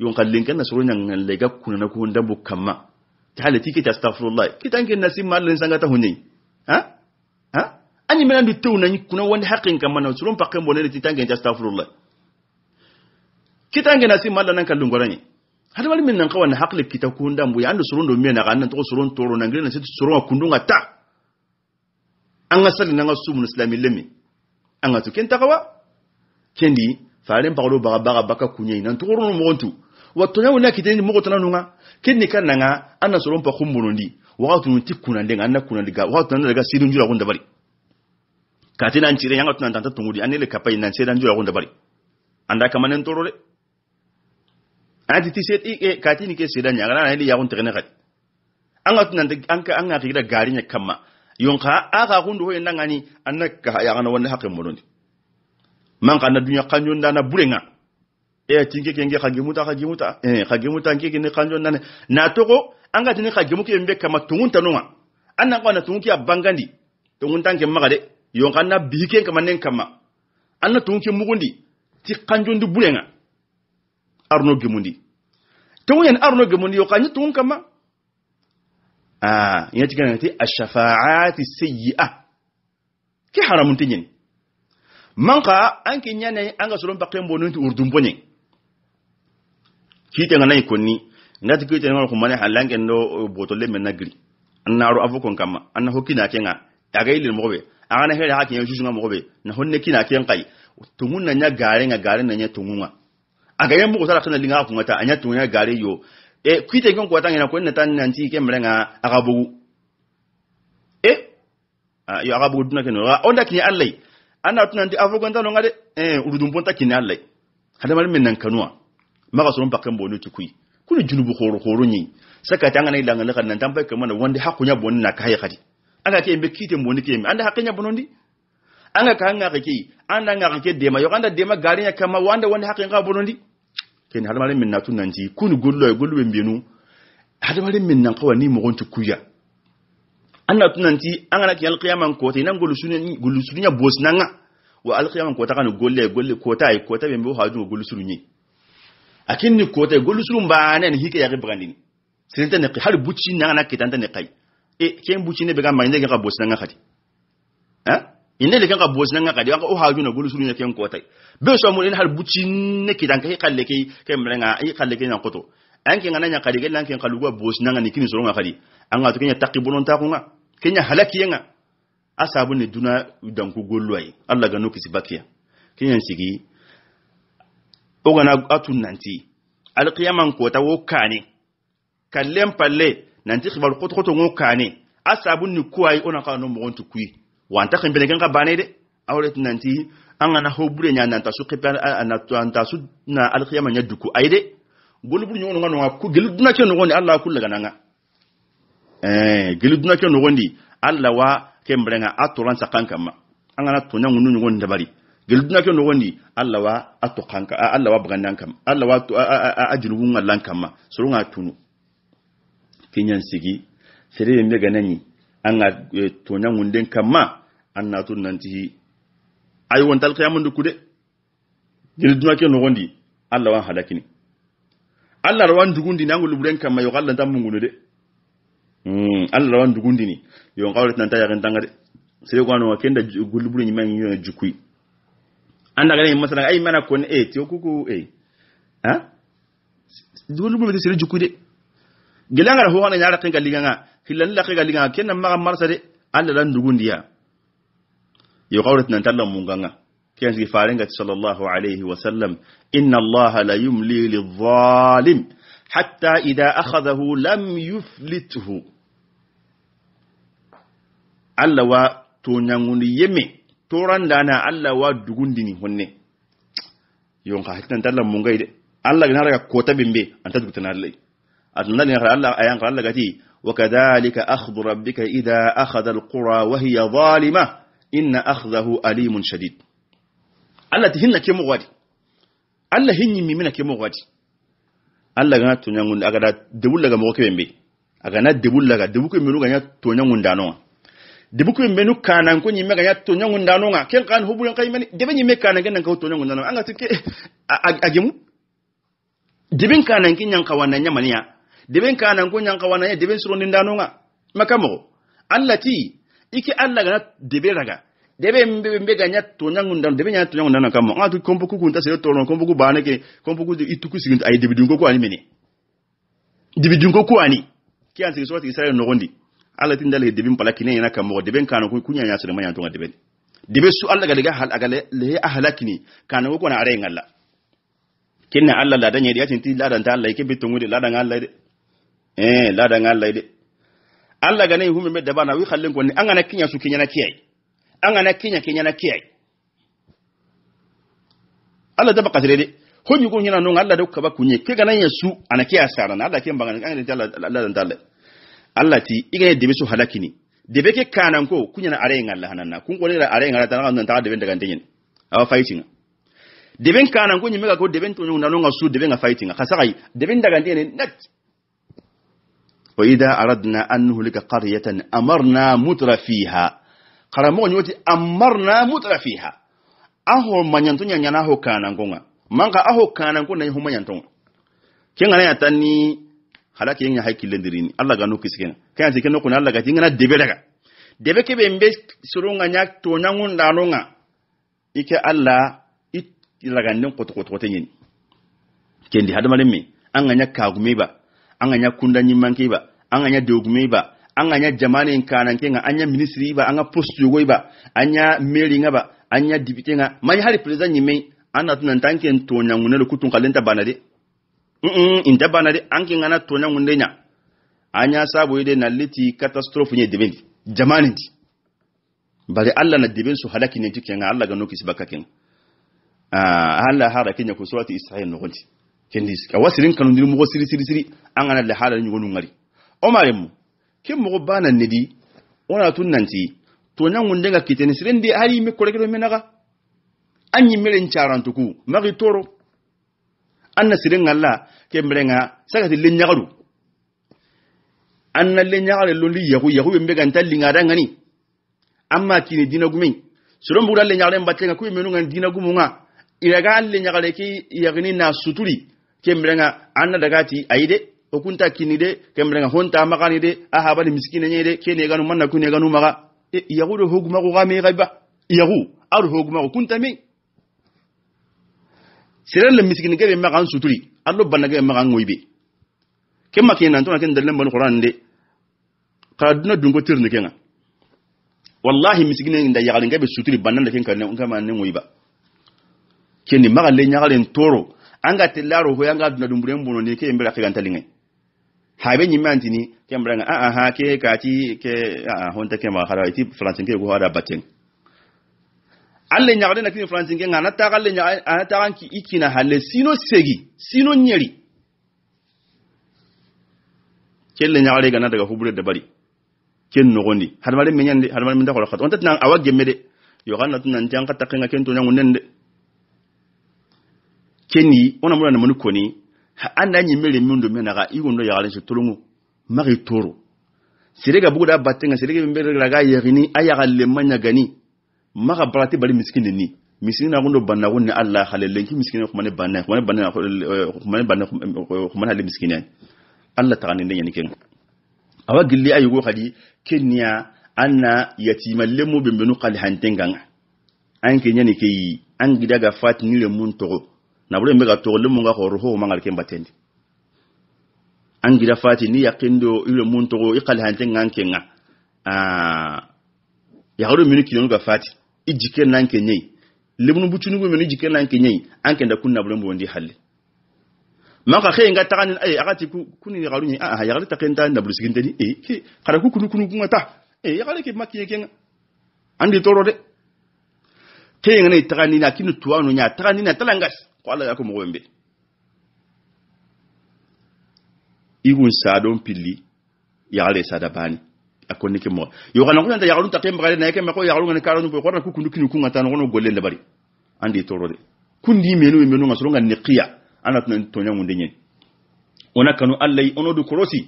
yun kallin kan na surun nan lega kuna na kun dambu kamma ta halati ke astaghfirullah kitan ken nasim mallin ta hunni ha ha anyi menan du tew nan kuna wani haqqin kan manna surun paqqin bonondi kitan ken astaghfirullah kitan ken nasim mallan nan kallun gorani hadi wali min nan na hakle kita kunda mbu yandu surun do miya na kanan to surun toro na ngirina situ surun kundunga ta an asali na ngasu mun islami lemi an atu kenta kendi faren pakulu baga baga baka kunye nan toro no montu wato nyawo na kiteni mo kotana nunga kenni kan nanga anna surun pa kumburundi wakatu nti kuna ndenga anna kuna diga wakatu nan daga sidun jura kunda bari katina ncire yanga tunan tungudi anele kapai nan sedan kunda bari anda kamanen toro anti ti set eh, kati ni ke sidanya ngana ni yagun tegene kat anga tunan anka anga gari garinya kama yonka ah, aka kundu ho yanda ngani annaka ya ngana wanda hakin murundi man kana dunya kanyon dana burenga e tinke kenge ka gimuta eh kagimuta nke kene kanyon dana na togo anga ka kagimuke mbe kama tungun tanunga ah. anna ko na tungki abangandi tungun tanke magade yonka na bihike kama nen kama anna tungki mugundi ti kanjon du burenga arno gimundi tun yan arno yau yo yi tun kama ah ina cikin nati ti shafaati sayyi'a ki haramun yin man ka an kin yana an ga surun bakin bonin urdun bonin ki tanga nay konni ta ki tanga ko mane halange no botole men nagri annaru afukon kama anna hokina kenga ga ilil mogobe an na hira hakin yushu nga mogobe na honne kina ken kai tumunna nya gare nga gare na nya tumunwa agaya mbugo sala kana linga ku ngata anya tunya gare yo e eh, kwite ngon kwata ngena kwen natan nanti ke mrenga agabu e eh? a ah, yo agabu ah, eh, duna ke no onda kinya allai ana tunan di afogon tano ngade e urudum ponta kinya allai hada mal min nan Maka maga sun bakan bonu tukui kuni junubu horo horo nyi saka tanga nai dangana kan nan tampai kamana wanda hakunya bonu na kai kadi anga ke mbe kite mboni ke anda hakunya bonondi anga ka nga anda nga dema yo anda dema garinya kama wanda wanda hakunya bonondi keni hadamaren min natu nanti kunu gollo e gollo ɓe mbiyenu hadamaren min nan kawa ni mogonti kuya an natu nanti an gana ki alkiyaman kota inan bos bosinanga wa alkiyaman kota kani golle e golle kota ay kota ɓe mbiwo hajungo gollusuruyi akinni kota e gollusurun mbanani hike yaki bagandini sinta ne har bucci nangana kitanta ne kai e ken bucci ne be ga mañdege ka nanga kadi ha inne le ka bozi nanga kadi wanga o haju na suru ne ken kotai be so mun in har buci ne dan kai kalle kai kai nga ai kalle kai nan koto an kin ananya kadi gelan kin kalugo bozi nan ni kin so nga kadi an ga to kenya taqibulon ta kunga kenya halaki nga asabu ne duna dan ku gollo ai Allah ga noki sibakiya kenya sigi o ga na atun nanti alqiyaman kota wo kane kallen palle ti khibar koto koto ngo kane asabu ni kuwai ona ka no mo ntukui wanta kan bene ka bane de awret nanti an ana hobure nya nan tasu kepa ana tasu na alqiyama nya duku ayde golubur nyono ngano ku gelu duna ke nongo ni allah kullaga nanga eh gelu duna ke nongo ndi allah wa kembrenga atoran sakan kama an ana tonya ngunu nyono ndabari gelu duna ke nongo ndi allah wa atokanka allah wa bugandan kam allah wa ajulubun allah kama surunga tunu kinyan sigi sere yembe ganani an ga eh, tonya ngunden kama annatu nanti ay won tal qiyamon duku de gel duma ke no gondi allah wan halaki ni allah rawan dugundi nan gulu buren kan mayo allah tam mungunu de mm allah rawan dugundi ni yo qawlat nan taya kan tangade sey ko no kenda gulu buren mangi yo jukui anda gane masalan ay mana kon eh ti kuku eh ha gulu buren sai jukui de gelanga ho wana nyara tan galinga hilan la kan galinga kenan ma marsa de allah ran dugundi ya yaukaurat nan tallan munganga, kiyan suke farin ga sallallahu Alaihi wasallam, inna Allah halayyum lili zalim, hatta idan aka zahu lam yuflituhu. Allahwa tonyan wuni yeme, toron da na Allahwa dugun dini hunne, yaukaurat Allah nan tallan mungai da. Allah gina raga kota bimbe an tattutun Allah. أتمنى ya الله أيام قال لك وكذلك أخذ ربك إذا أخذ القرى وهي ظالمة inna akhdahu alimun shadid Allah tihinna ke mo wadi Allah hinni mi mina ke mo wadi Allah ga tunyangun aga da debul daga mo ke bembe aga na debul daga dubuku ke menu ga nya tunyangun dano dubuku ke menu kanan ko nyi mega nya tunyangun dano nga ken kan hubulan kai meni debe nyi me kanan ken ka tunyangun dano anga tike agemu dibin kanan kin nyan kawana nya maniya debin kanan ko nyan kawana nya debin suron dano nga makamo Allah ti iki alla gana debe raga debe mbe ga nya to ngunda debe nya tonya ngunda kam ma tu kompo ku kunta se to kompo ku bana ke kompo ku ituku sigunta ay debe dungo ko ani mene debi dungo ko ani ki an se so ti sare no gondi alla tin dale debi mpala kine na kam debe kanu ku kunya nya sare manya tonga debe debe su alla ga daga hal agale le ahlakini kan ku na are ngalla kinna alla ladan tin ti ladan ta alla ke bitungu de ladan alla de eh la ladan alla de Allah ga nai humme da bana wi khallin gonni an ana kinya su kinya na kiyai an ana kinya kinya na kiyai Allah da baka de honyu ko hina non Allah da ka ba kunye ke ga nan yesu ana kiya sara na Allah ke mbanga an da Allah dan alla Allah ti igane debe su halakini debe ke kanan ko kunya na Allah hanan na kun ko ne are ngalla tan nan ta debe daga denyen awa fighting deben kanan ko mega ko deben to nan non su deben ga fighting khasagai deben daga denyen ne wa idha aradna an nuhlika qaryatan amarna mutrafiha karamoko nyoti amarna mutrafiha aho manyanto nyanyana aho kana ngonga manga aho kana ngona yi humanya ntonga kengana yatani halaki yenya haikilendirini alla ganu kisikena kanya tikeno kuna alla gatingana debelaga debe kebe mbe surunga nyak to nyangun dalunga ike alla it lagannen koto koto koto nyini kendi hadamalen me an ganya kagume ba an ganya kunda nyimanke ba an ganya dogume ba an ganya jamanin kanan kenga an ya ministry ba an ga post yogo ba an ya mailing ba an ya nga man hari president nyime ana tunan tanken tonya ngune lu kutun kalenta banade mm inta banade an kenga na tonya ngune nya anya sabo yede na liti catastrophe nye debin jamanin ti bari Allah na debin su halaki ne tike nga Allah ga noki sibaka ken ah Allah hara kenya ko surati isra'il no gonti kendis ka wasirin kanun dir mo siri siri siri an ana da halalin yugo ngari omarinmu kin mogo bana nidi wona tun ti to wunde ga kiteni sirendi hari kore kido menaga an yimmeren carantuku magi toro anna sirin Allah ke mberenga sagati le ñagaru anna le ñagare li yahu yahu yembe ganta lingadangani amma kini dina gumi siron buguda le ñagare mbattenga ku yemenungan dina gumunga iraga le ñagare ke yagini na suturi ke mberenga anna dagati ayide okunta kini de kemrenga honta makani de ahaba ni miskine nye de kene ganu manna kune ganu maga e yagu do hoguma ko game gaiba yagu aru hoguma ko kunta me siran le miskine gebe magan suturi allo banna gebe magan ngoibe kemma kenan to na ken dalle bon qur'an de qaduna dungo tirni kenga wallahi miskine nda yagali gebe suturi banna da kenka ne ngama ne ngoiba le nyagal en toro anga telaro ho yanga duna dumburen bono ne ke embera kigantalingai haibe manti ni kembranga a ah, a ah, ha ke ti ke a ah, honta ke ma khara ti francin ke go hada batin alle gade na kin francin ke ngana ta galle nya ana ta ganki ikina halle sino segi sino nyeri kelle nyaade gana daga hubure da bari ken nogondi har mare menyan har mare minda ko khat on ta nan awa gemme de yo ganna tun nan janga takenga ken to nyangunen de keni ona mura na munukoni anda na nyimele miundo mena ga igo ndo yagale se tolongo magi toro sirega buguda batenga sirega mbere raga yagini ayagal manya gani maga brati bali miskini ni miskini na gundo banna gunne Allah halelen ki miskini ko mane banna ko mane banna ko mane banna ko mane halle miskini Allah ta ganin yani ken awa gilli ayugo khadi kenya anna yatima lemu bimbenu qal hantenganga an kenya ne keyi an gidaga fat ni le mun nabure mbega tole munga ko ruho mangal ke mbatendi angira fati ni yakindo ile muntu ko ikali hanje ngankenga ah ya horo minu kiyon ga fati ijike nanke nyei lemnu bucunu go minu ijike nanke nyei anke da kunna bure mbondi halle maka khe nga tagani ay eh, akati kuni garu nyi ah, ah ya galita kenta na bure siginteni eh kada ku kunu kunu kungata eh ya galike makiye kenga andi toro de khe nga ne tagani na kinu tuwanu nya tagani na talangas ko allah yako mogoɓen ɓe igun sadon pilli yagare sada bani a konni ke moga yogana kunanta yagarun take mbagade naye ke mako yagarungani karanube xorna ku kundu kini kungantano xono golle ndabari andi toro de kundi menu menu nga soronga neqiya ana tunan tonya ngunde nyen ona kanu allah ono du korosi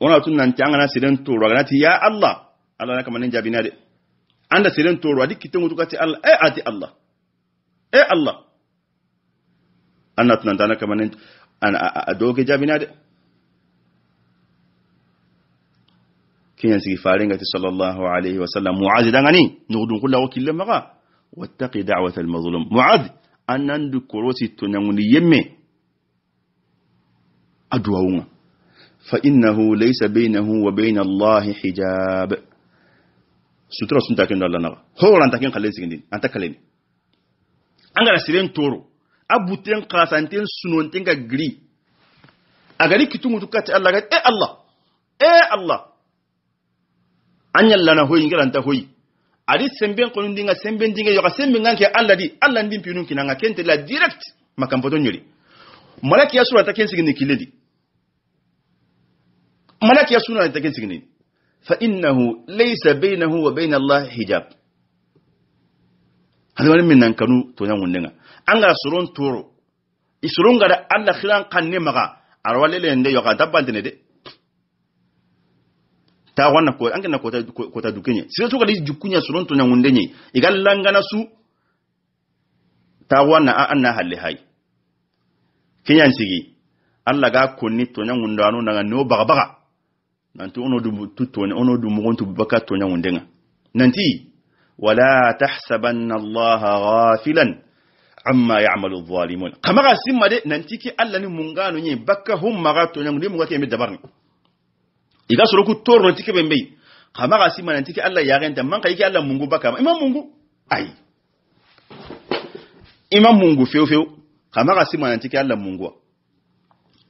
ona tunan tanga na siren toro gana ti ya allah allah na kamanin jabina de anda siren toro adi kitungu tukati allah eh ati allah eh allah anna tunantana kamanen ana a doge jabina de kinyan sigi faren gati sallallahu alaihi wa sallam muaz dangani nugdun kula wa kille maga wattaqi da'wat al-mazlum muaz annan du korosi tunanguni yemme adwaunga fa innahu laysa bainahu wa bain Allah hijab sutra sunta kin dalla naga horan takin khalin sigindin anta kalemi angala siren toro abutin kasantin sunontin ga giri a gari kitu mutu kati Allah ga eh Allah eh Allah an yalla na hoyin giranta hoyi a adi sembin konun dinga sembin dinga yoka sembin ganke Allah di Allah ndin kina nga kente la direct makampoto yuri malaki ya sura gini kile di malaki ya sura taken sigini fa innahu laysa bainahu wa bain Allah hijab hadu min nan kanu to nan wunninga angara surun turu isurun gara Allah khiran kanne maga le nde yoga dabbandene de ta wannan ko an gina kota kota dukenye sai to kali jukunya surun to nyangunde ne igal langana su ta wannan a anna halle hay kinyan sigi Allah ga konni to nyangunda no naga no baga baga nanti ono du ne ono du gontu baka to nyangunde nga nanti wala tahsabanna Allah ghafilan amma ya'malu adh-dhalimun kamaga simma de nanti ki alla ni mungano nyi bakka hum maga to nyangu mu ngati me dabarni iga suru ku torno nanti ke bembe kamaga simma nanti ki alla ya ganta man kai ki alla mungu bakka imam mungu ai imam mungu feu feu kamaga simma nanti ki alla mungu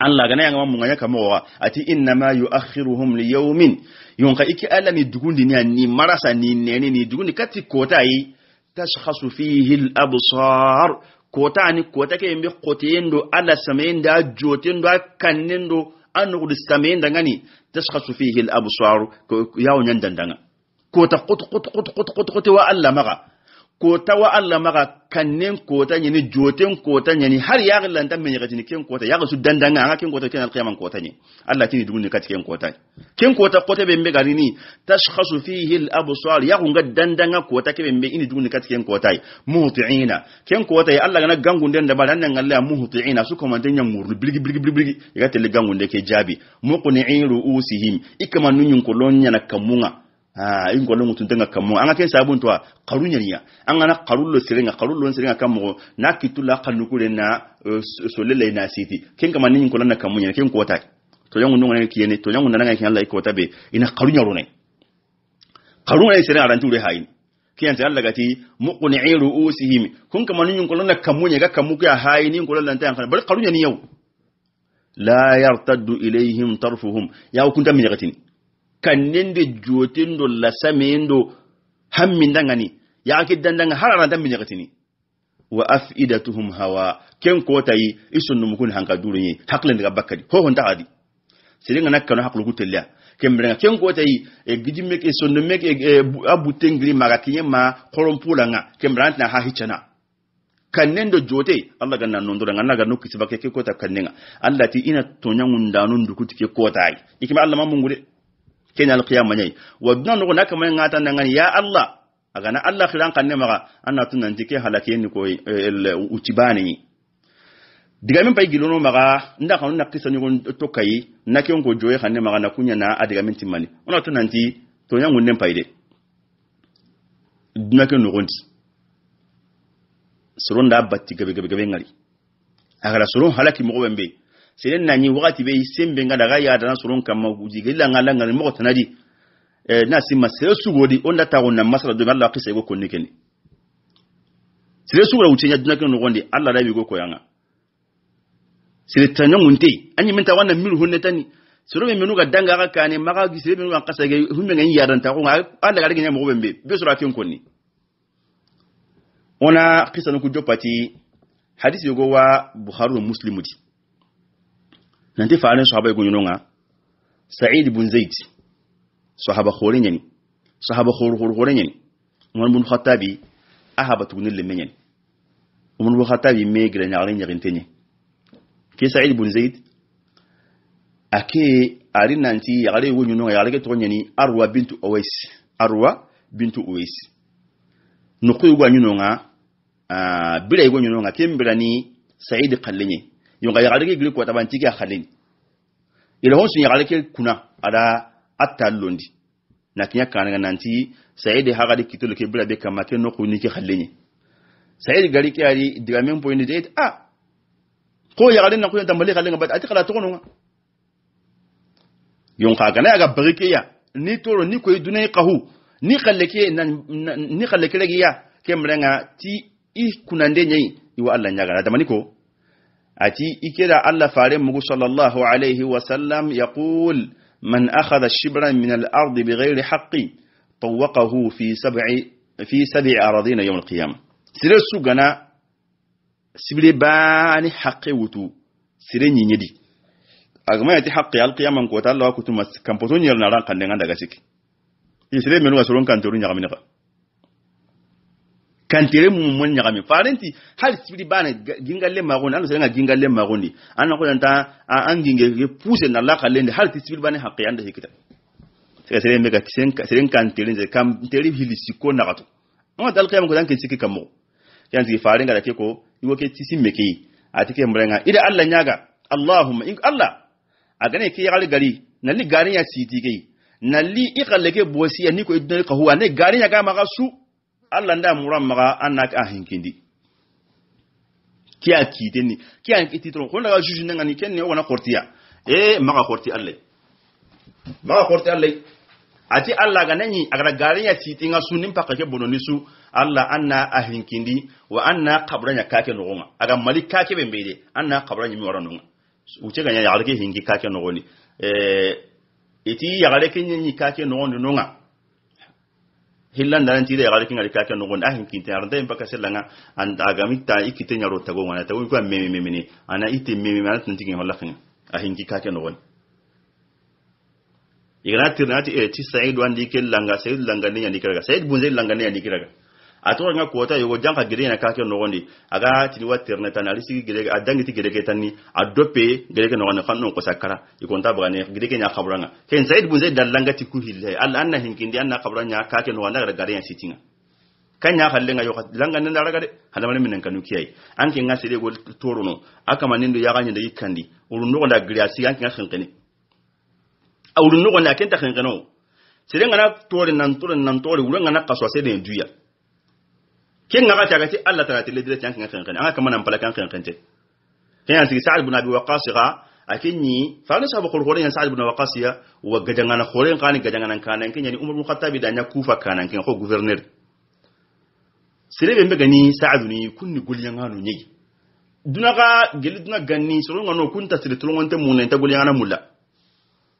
Allah gana yanga mun ganya kamowa ati inna ma yuakhiruhum li yawmin yonka iki alla ni dugun ni ni marasa ni neni ni dugun kati kota yi tashkhasu fihi al-absar kota ni kota ke mbi qotendo ala samenda jotendo kannendo anugul samenda ngani tashkhasu fihi al-absar yawo nyandandanga kota qut qut qut qut qut wa alla kota wa Allah maka kannin kota ne jotin kota ne har ya Allah ta men yakati ken kota ya su dandanga anga ken kota kin alqiyaman kota ne Allah tini dugun ka ken kota kin kota kota be mbega rini tashkhasu fihi al-absar ya kunga dandanga kota ke be ini dugun ka ken kota muhti'ina ken kota Allah ga gangun den da balan nan Allah muhti'ina su kuma den yamur bilgi bilgi bilgi ya tele gangun de ke jabi muqni'in ru'usihim ikama yin kolonya na kamunga ah in gollo mutun tanga kammo an ake sabun to karunya niya an ana karullo karullo na kitula na eh, solele na siti ken kama nin kolana kammo ne kota to ne kiyene to kin Allah be ina karunya karunya hayin kiyan ta Allah muqni'i ru'usihim kun ne ga ya hayin nin bar karunya ni yau la yartaddu ilaihim tarfuhum ya kannende jotendo lasamendo hammindangani harara har aranta katini wa afidatuhum hawa ken kotayi isunnumukun hanka ho hon taadi sirin serengana kanu haklu kutelya ken ken kotayi e so e sondomeke e, e abuttengiri maga kiye ma ken kembranantina ha hiccana kannen do jote allah ganna nondora ganna ganno bakke ke kota kannenga allah ti ina tonya ngundanu ndukuti ke ai ikima allah ma mungude kenya alqiyama nyai wadna no na kamay ngata nangan ya allah na allah khiran kanne maga anna tunan dike ni ko eh, utibani diga min pay gilono maga nda kanu na kisa nyugo to kayi na ke ngo joye kanne maga na kunya na adiga min timani ona tunan ti to nyangu pay de duna ke nugondi suron da batti gabe gabe gabe ngari agara suron halaki mo be seren nanyi wakati be sembe nga daga na dana nkama kamma gila nga langa mo di e na simma sere sugo di onda ta wonna masala do ala kisa go konni keni sere sugo sugora wucenya duna kenu gonde Allah rabi go koyanga sere tanya munte anyi menta wana miru honne tani sere be menu ga danga ga kane maka gi sere menu ga kasa ge humbe nga yadan ta ko Allah ga nya mo bembe be sura ken konni ona kisa no jopati hadisi yogo wa bukhari muslimu di nanti faaren sahaba yi gunyino nga sa'id ibn zaid sahaba khorin yani sahaba khore khore khore nyani umar ibn khattabi ahaba tugni lemme nyani umar ibn khattabi me gira nyaare ta tenye ke sa'id ibn zaid ake ari nanti yaare gunyino nga yaare ke to yani arwa bintu uwais arwa bintu uwais nukuyu gunyino a ah, bila yugo nyino nga kembira ni sa'id qallenye yonga yagaleke igili kuwata bantike akhaleni ila honsu yagaleke kuna ada atta londi na kinya kanaga nanti saidi hagadi kitolo ke bila be kama ke noku nike khaleni saidi gari ke ari po point de ah ko yagalen na kuya tambale khalenga bat ati kala tokono yon ka kana aga barike ya ni toro ni koy dunay kahu ni khalleke nan ni lagi ya kemrenga ti i kunande nyai iwa Allah nyaga da maniko أتي إكرا الله فارمه صلى الله عليه وسلم يقول من أخذ الشبر من الأرض بغير حق طوقه في سبع في سبع أراضين يوم القيامة سير السوغنا سبر باني حق وتو سير نيدي أغما يتي حق القيامة كوتا الله كتما كمبوتون يرنا ران كان دغا سيكي يسير منو أسرون كان تورين يغمنقا kantere mun mi farenti hal sibiri bana gingalle magoni ando senga gingalle magoni anna ko nta an ginge ge puse na la kalende hal sibiri bana haqi anda hikita sai sere mega kisen sai kantere ze kam tere hili siko na gato on dal kayam ko danke siki kamo yan zi farin da ke ko iwo ke tisi meke tike mrenga ida Allah nyaga Allahumma in Allah gane ke yar gari nalli garin ya siti ke nalli ikalle ke bosiya ni ko idon ka huwa ne garin ya ga maka su allah nda mura maga anna ka hinkindi kiya kite ni kiya kiti tron ko daga juju nanga ni kenne ne kortiya e maga korti allah maga korti allah ati allah ga nanyi agara garin titi nga sunin pakka ke bononi su allah anna ahinkindi wa anna qabranya kake nugonga aga malik kake be mbede anna qabranya mi waranu uce ganya ya alke hingi kake nugoni e iti ya ke nyi kake no nga hillan da nanti da yagare kinga kake no gonda ah, hin kinte arda en baka selanga an agami ta ikite nyaro tago ngana tago ko meme meme ni ana ite meme mana tanti ngin holla kinga a ah, ki kake no igana tirnati e eh, ti sa'id wan dikel langa sa'id langa ne nyani kiraga sa'id bunze langa ne nyani kiraga a tɔgɔ nga kota yogo jan ka gere na ka ke nogondi aga tini wa terne tan ali sigi gere a dangi ti gere ke tanni a dope gere ke nogondi kan non ko sakara i konta baga ne gere ke nya khabra nga ken zaid bun zaid dalanga ti ku hille al anna hinkindi anna khabra nya ka ke nogondi daga gare ya sitinga kan ya halle nga yoka langa nan daraga de hadamane minen kanu kiyai an ke nga sele gol toro no aka manin do ya ganye da yikandi urun no da gere asi an ke nga khinkini a urun no na ken ta khinkino sele nga na tore nan tore nan tore urun nga na kaswa sele duya ken ga ta gati Allah ta tele dire tan kan kan anga kamana pala kan kan kan te ken an sigi sa'ad ibn abi waqas ga akinni fa na sabu khur horin sa'ad ibn waqas ya wa gajangan horin kan gajangan kan ken yani umar bin khattabi da ya nya kufa kan ken ko gouverneur sire be gani sa'ad ni kunni gulyan hanu nyi dunaka geli dunaka ganni soron ngano kunta sire tulongonte munen ta gulyan hanu mulla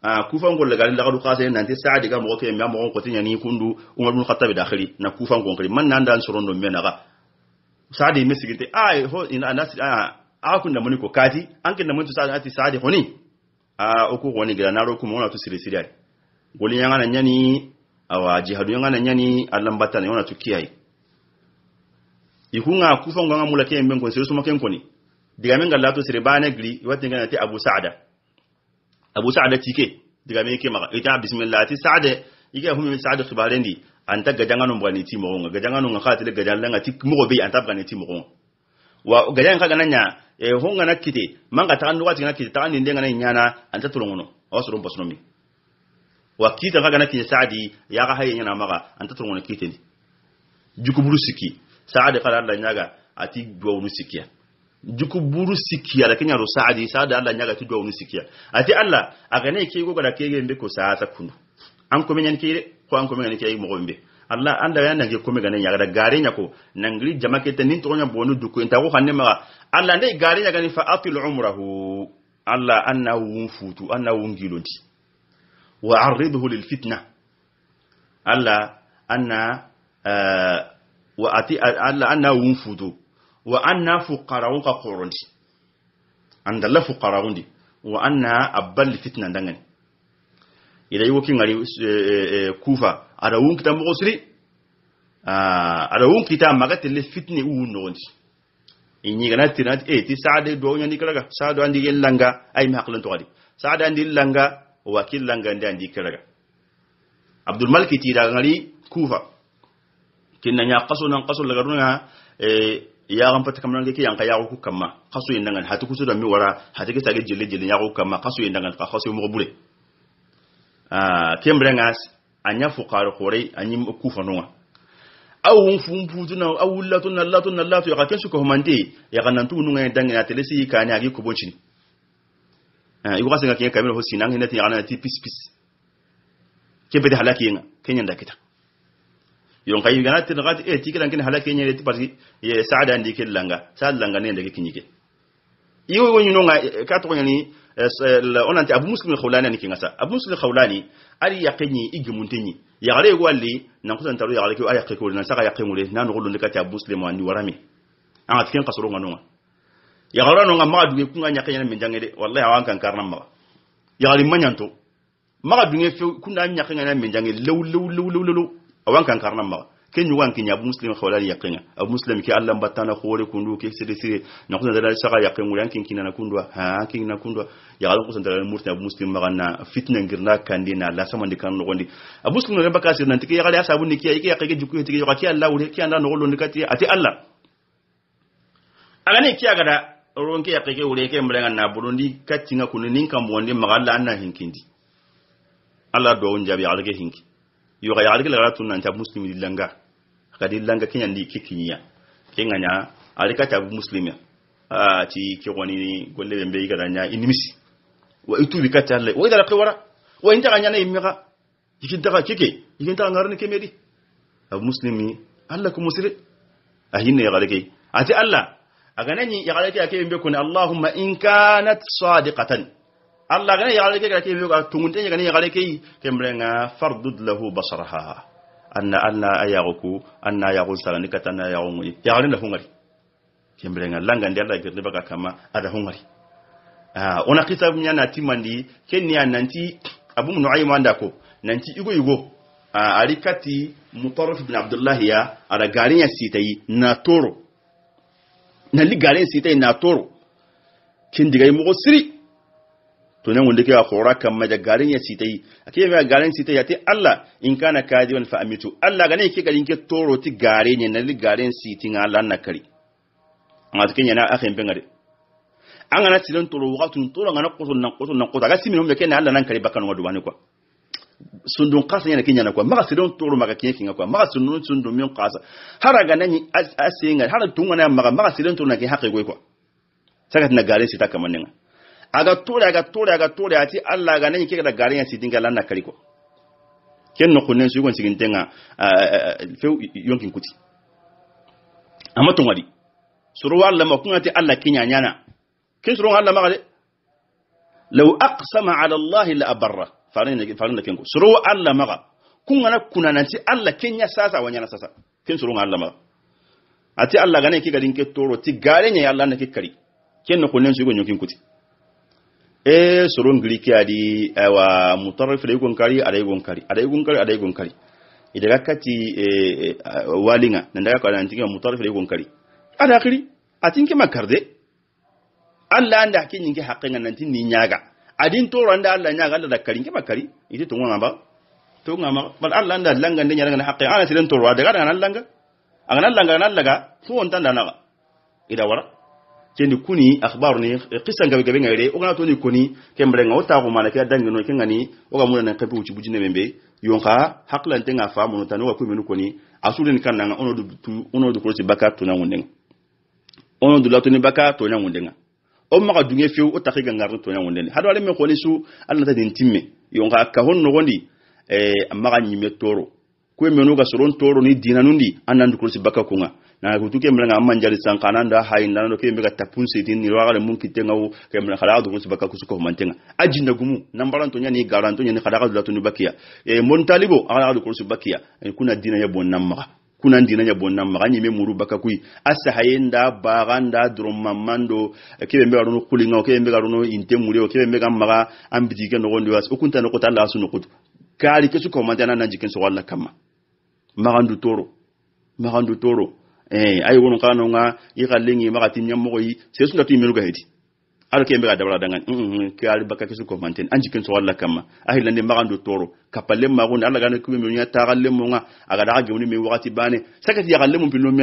Ah, kufan golle galin lagadu kase nan te saadi ga mo ke mi mo ko tinya ni kundu umar bin khattab e khali na kufan gol kali man nan dan suron do mena ga saadi e mi siginte ay ah, e ho ina nasi a kun da muni ko kati an kin da mun to saadi ati saadi honi a o ko woni gira naro kuma wona to sire sire golin yanga nan nyani awa jihadu yanga nan nyani allan batana wona to kiyai ikunga kufan gonga mulake mben kon sire suma ken koni diga men galla to sire bane gri watin ga ta abu saada abu sa'ada tike diga me yake maka ita ah, bismillah ti sa'ada yake hu min sa'ada khibarendi anta gajanga no bani ti mo ka no khati le gajanga langa ti mo an ta bani ti mo wa gajan ka gananya e eh, hu ngana kite man ka ta anu wati na kite ta ni ndenga na nyana anta tulungono awasuru basnomi wa kite ka ganaki sa'adi ya ga hayin yana maka turun tulungono kite ni jukuburu siki sa'ada kala Allah nyaga ati duwa siki juku buru sikiya da kenyaro saadi da Allah nyaga ti dawnu sikiya ati Allah a gane ke go gara ke gembe ko ta kunu an ko yanke kire ko an ko yanke yi mo gombe Allah anda ya nange ko megane ya da gare nan nangri jama ke ta nin nya bonu duku inta ko hanne ma Allah dai gare nyaga gani fa atil umrahu Allah an wunfutu wun wungilonti wa aridhu lil fitna Allah anna eh, wa ati Allah anna wunfutu wa anna fuqara'u ka qorondi anda la fuqara'u ndi wa anna abal fitna dangane ila yi ngari eh, eh, eh, kufa ada wun kitam mo siri ah, ada wun kitam magati le fitni u nondi inyi gana tinat e ti saade do nyani kalaga saado andi langa ay mi haklan to ali saade andi langa wakil langa ndi andi kalaga abdul malik ti da ngari kufa kinna nya qasuna nan lagaruna e yagan pata kamran ke yanka ya ku kama kaso yin dangan hati kusa da mi wara hatu ke jele-jele ya yago kama kaso yin dangan ka kaso mu bure ah kembrengas anya fuqar qore anyi ku fanwa aw hun fun putu na aw latu na latu na latu ya kakensu ko mande ya kanan tu nunga dangan ya telesi ka ni agi ko bonchi ah iwa singa ke kamera hosina ngina ti ana ti pis pis kebe da halaki yin kenya da kita yon kay gana tin gat e eh, tiki dan kin halake nyere ti parti ye saada ndi ke langa saada langa ne ndake kinyike iyo woni no nga eh, eh, ka to ngani onanti abu muslim khawlani ni kingasa abu muslim khawlani ari yaqini igimuntenyi yagare gwali nan kusan taro yagare ko ayaqe ko nan saka yaqe mure nan ngulu ndika ti abu muslim wandi warami an atkin kasoro ngano nga yagare no nga ma duwe kunga nyaqe nyana menjangede wallahi awan kan karna ma yagare manyanto ma duwe kunga nyaqe nyana menjangede lew lew lew lew lew awan kan karnan ma ken yuwan kin ya muslim khawlan yaqina abu muslim ki allah batana khore kundu ke sire sire na kusan da saka yaqin mu yankin kinana kundu ha kin na kundu ya galu kusan da murta abu muslim magana fitna girna kandi na la saman dikan no gondi abu muslim ne baka sir nan tike ya gala sabun ni ki ya yaqi jukku tike ya ki allah wuri ki anda no gollo ndikati ati allah agane ki agada ronke ya ke wuri ke mbrenga na burundi kati katinga kununin kan bonde magala anna hinkindi allah do on jabi alge hinkindi yoga yagali kila ratu nanta muslim di langa kadi langa kenya ndi kikinya kenga nya alika ta muslimi a ti ke wani ni golle bembe ga nya inimisi wa itu bi kata Allah wa idara qawara wa inta ganya na imira yikin ta kike yikin ta ngarni kemedi abu muslimi Allah ku musri ahinne yagali ke ati Allah aga nani yagali ke ake mbe kun Allahumma in kanat sadiqatan allah gane yagare ke gake biyo ga tungunte gane yagare ke kembrenga fardud lahu basaraha anna anna ayaguku anna yaqul sarani katana yagun yagare la hungari kembrenga langa Allah girne baka kama ada hungari ah ona kisa munya na timandi kenni ananti abu nuaym andako nanti igo igo ari ah, kati mutarif bin abdullah ya ada garin ya sitayi na toro na li garin sitayi na toro kin diga mu siri to nan wanda kira kora kan maja garin ya tai ake mai garin tai ya te Allah in kana kadiban fa amitu Allah ne ke garin ke toro ti gare ne na li garin sitin Allah na kare amma cikin yana akhin bengare an ana silin toro wakatun toro gana kusun nan kusun nan kusun ga simin mun ke ne Allah nan kare bakan wadu wani kwa sundun kasa yana kinya kwa maka sidon toro maka kinya kinga kwa maka sundun sundun min kasa hara ga nan asinga hara tunga na maka maka sidon toro na ki hakai kwa saka na garin sita nan aga tore aga tore aga tore ati Allah ga nan kike da garin ya sidin galan na kariko ken no kunen su gon sigin tenga fe yonkin kuti amma tun wadi suru Allah ma kunati ati Allah kinya nyana kin suru Allah ma ga law aqsama ala Allah la abarra farin ne farin da kenko suru Allah ma kun ana kunana ti Allah kinya sasa wanyana sasa kin suru Allah ma ati Allah ga nan kike garin ke toro ti garin ya Allah na kikari ken no kunen su gon yonkin kuti e soron griki adi wa mutarrif da ikon kari ada ikon kari ada ikon kari ada ikon kari idaga kati e, e, walinga nan daga kwanan tinga mutarrif da ikon kari ada kiri atin ki makarde Allah anda hakin ninki haqqin nan tin ni nyaga adin toran da Allah nyaga Allah da kari ki makari iti to ngama ba to ngama bal Allah anda langa ndenya ngana haqqi ana silen torwa daga nan langa an langa nan laga to on tan dana naga ida wara kendi kuni akhbaru ni qissa eh, ngabe gabe ngare o gana to ni kuni kembre nga otago mana ke dangi no ke ngani o ga muna na kapi uchi bujine membe yonka haklan tenga fa mun tanu wa kumi kuni asulin kan nga ono du ono du kursi baka to na ngundenga ono du latuni baka to na ngundenga o ma ga dunge fiu o taki ga ngarno to na ngundenga hado ale me koni su alla ta din timme yonka ka hon no gondi e eh, amma ga nyime toro kue menu ga soron toro ni dina nundi anan kursi baka kunga na kutu ke mlanga amman jali sankana nda hayi nda no ke mbega tapun sitin ni wagale mun kitenga wo ke mlanga khala du kursi baka kusuko mantenga ajinda gumu nambaran to nyani garanto nyani khala du latuni bakia e montalibo ala du kursi bakia e, kuna dina ya bonnam maka kuna dina ya bonnam maka nyime muru baka kui asa hayenda baganda drum mamando e, ke mbega runo kulinga ke mbega runo intemure ke mbega maka ambitike no gondi was okunta no kotala asu no kutu kari kesu ko mantana na nanji wala kama magandu toro magandu toro eh ay wono kanu nga i lingi magati nyam mo yi se su ngati melu ga hedi ke mbega dabara dangan mm, mm, mm kari baka kesu ko manten an jikin su kama Ahi lande magandu toro kapalle magun ala gana kumi mi nya tagalle mo nga aga daga gemni mi wakati bane sakati ya galle mo pillo mi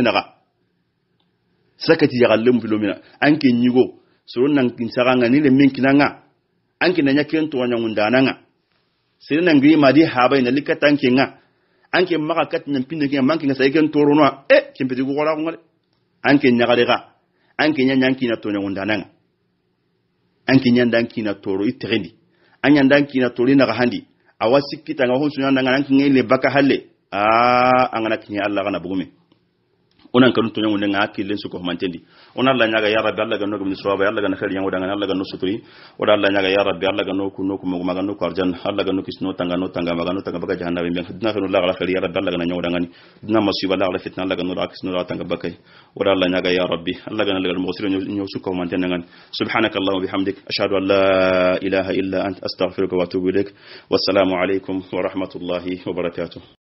sakati ya galle mo pillo mi anke nyigo soron nan kin saranga ni le min kinanga anke nanya kento wanya nga sai nan gɩɩ madi haaba yẽna likata n kẽnga ãn ken maga ka tɩ nan pĩnda kin mam kẽnga sa y ken toor wã e ken pɩtɩ gʋgɔ ragõngre ãn ken ga ãn ken nya yã n kɩɩna tõ ne wẽndaanãngã ãn ken na toro kɩɩna tooro y tɩgendi ãn yãnda n kɩɩna toor y nagsãndi a wasi sik kɩtãnga fõn sũ yãndãngã na n kẽngẽ le baka halle aa ãngã na kẽ Allah kana bʋgme onan kanu to nyangunde nga hakkille suko homantendi on allah ñaga ya rabbi allah ganno gamni sowaba allah gana feere yango dangani allah ganno suturi oɗa allah ñaga ya rabbi allah ganno ku noku mogo maga nokku arjanna allah ganno kisno tanga no tanga maga no tanga baka jahannaɓe mbiyan duna feno lagala feere ya rabbi allah gana ñango dangani duna masiba lagala fitna allah ganno ɗaa kisno ɗaa tanga bakay oɗa allah ñaga ya rabbi allah gana lagal mogo sire ño suko homantende ngani subhanaka allahuma bihamdik ashhadu an la ilaha illa ant astaghfiruka wa atubu ilayk wassalamu aleykum wa rahmatullahi wa barakatuh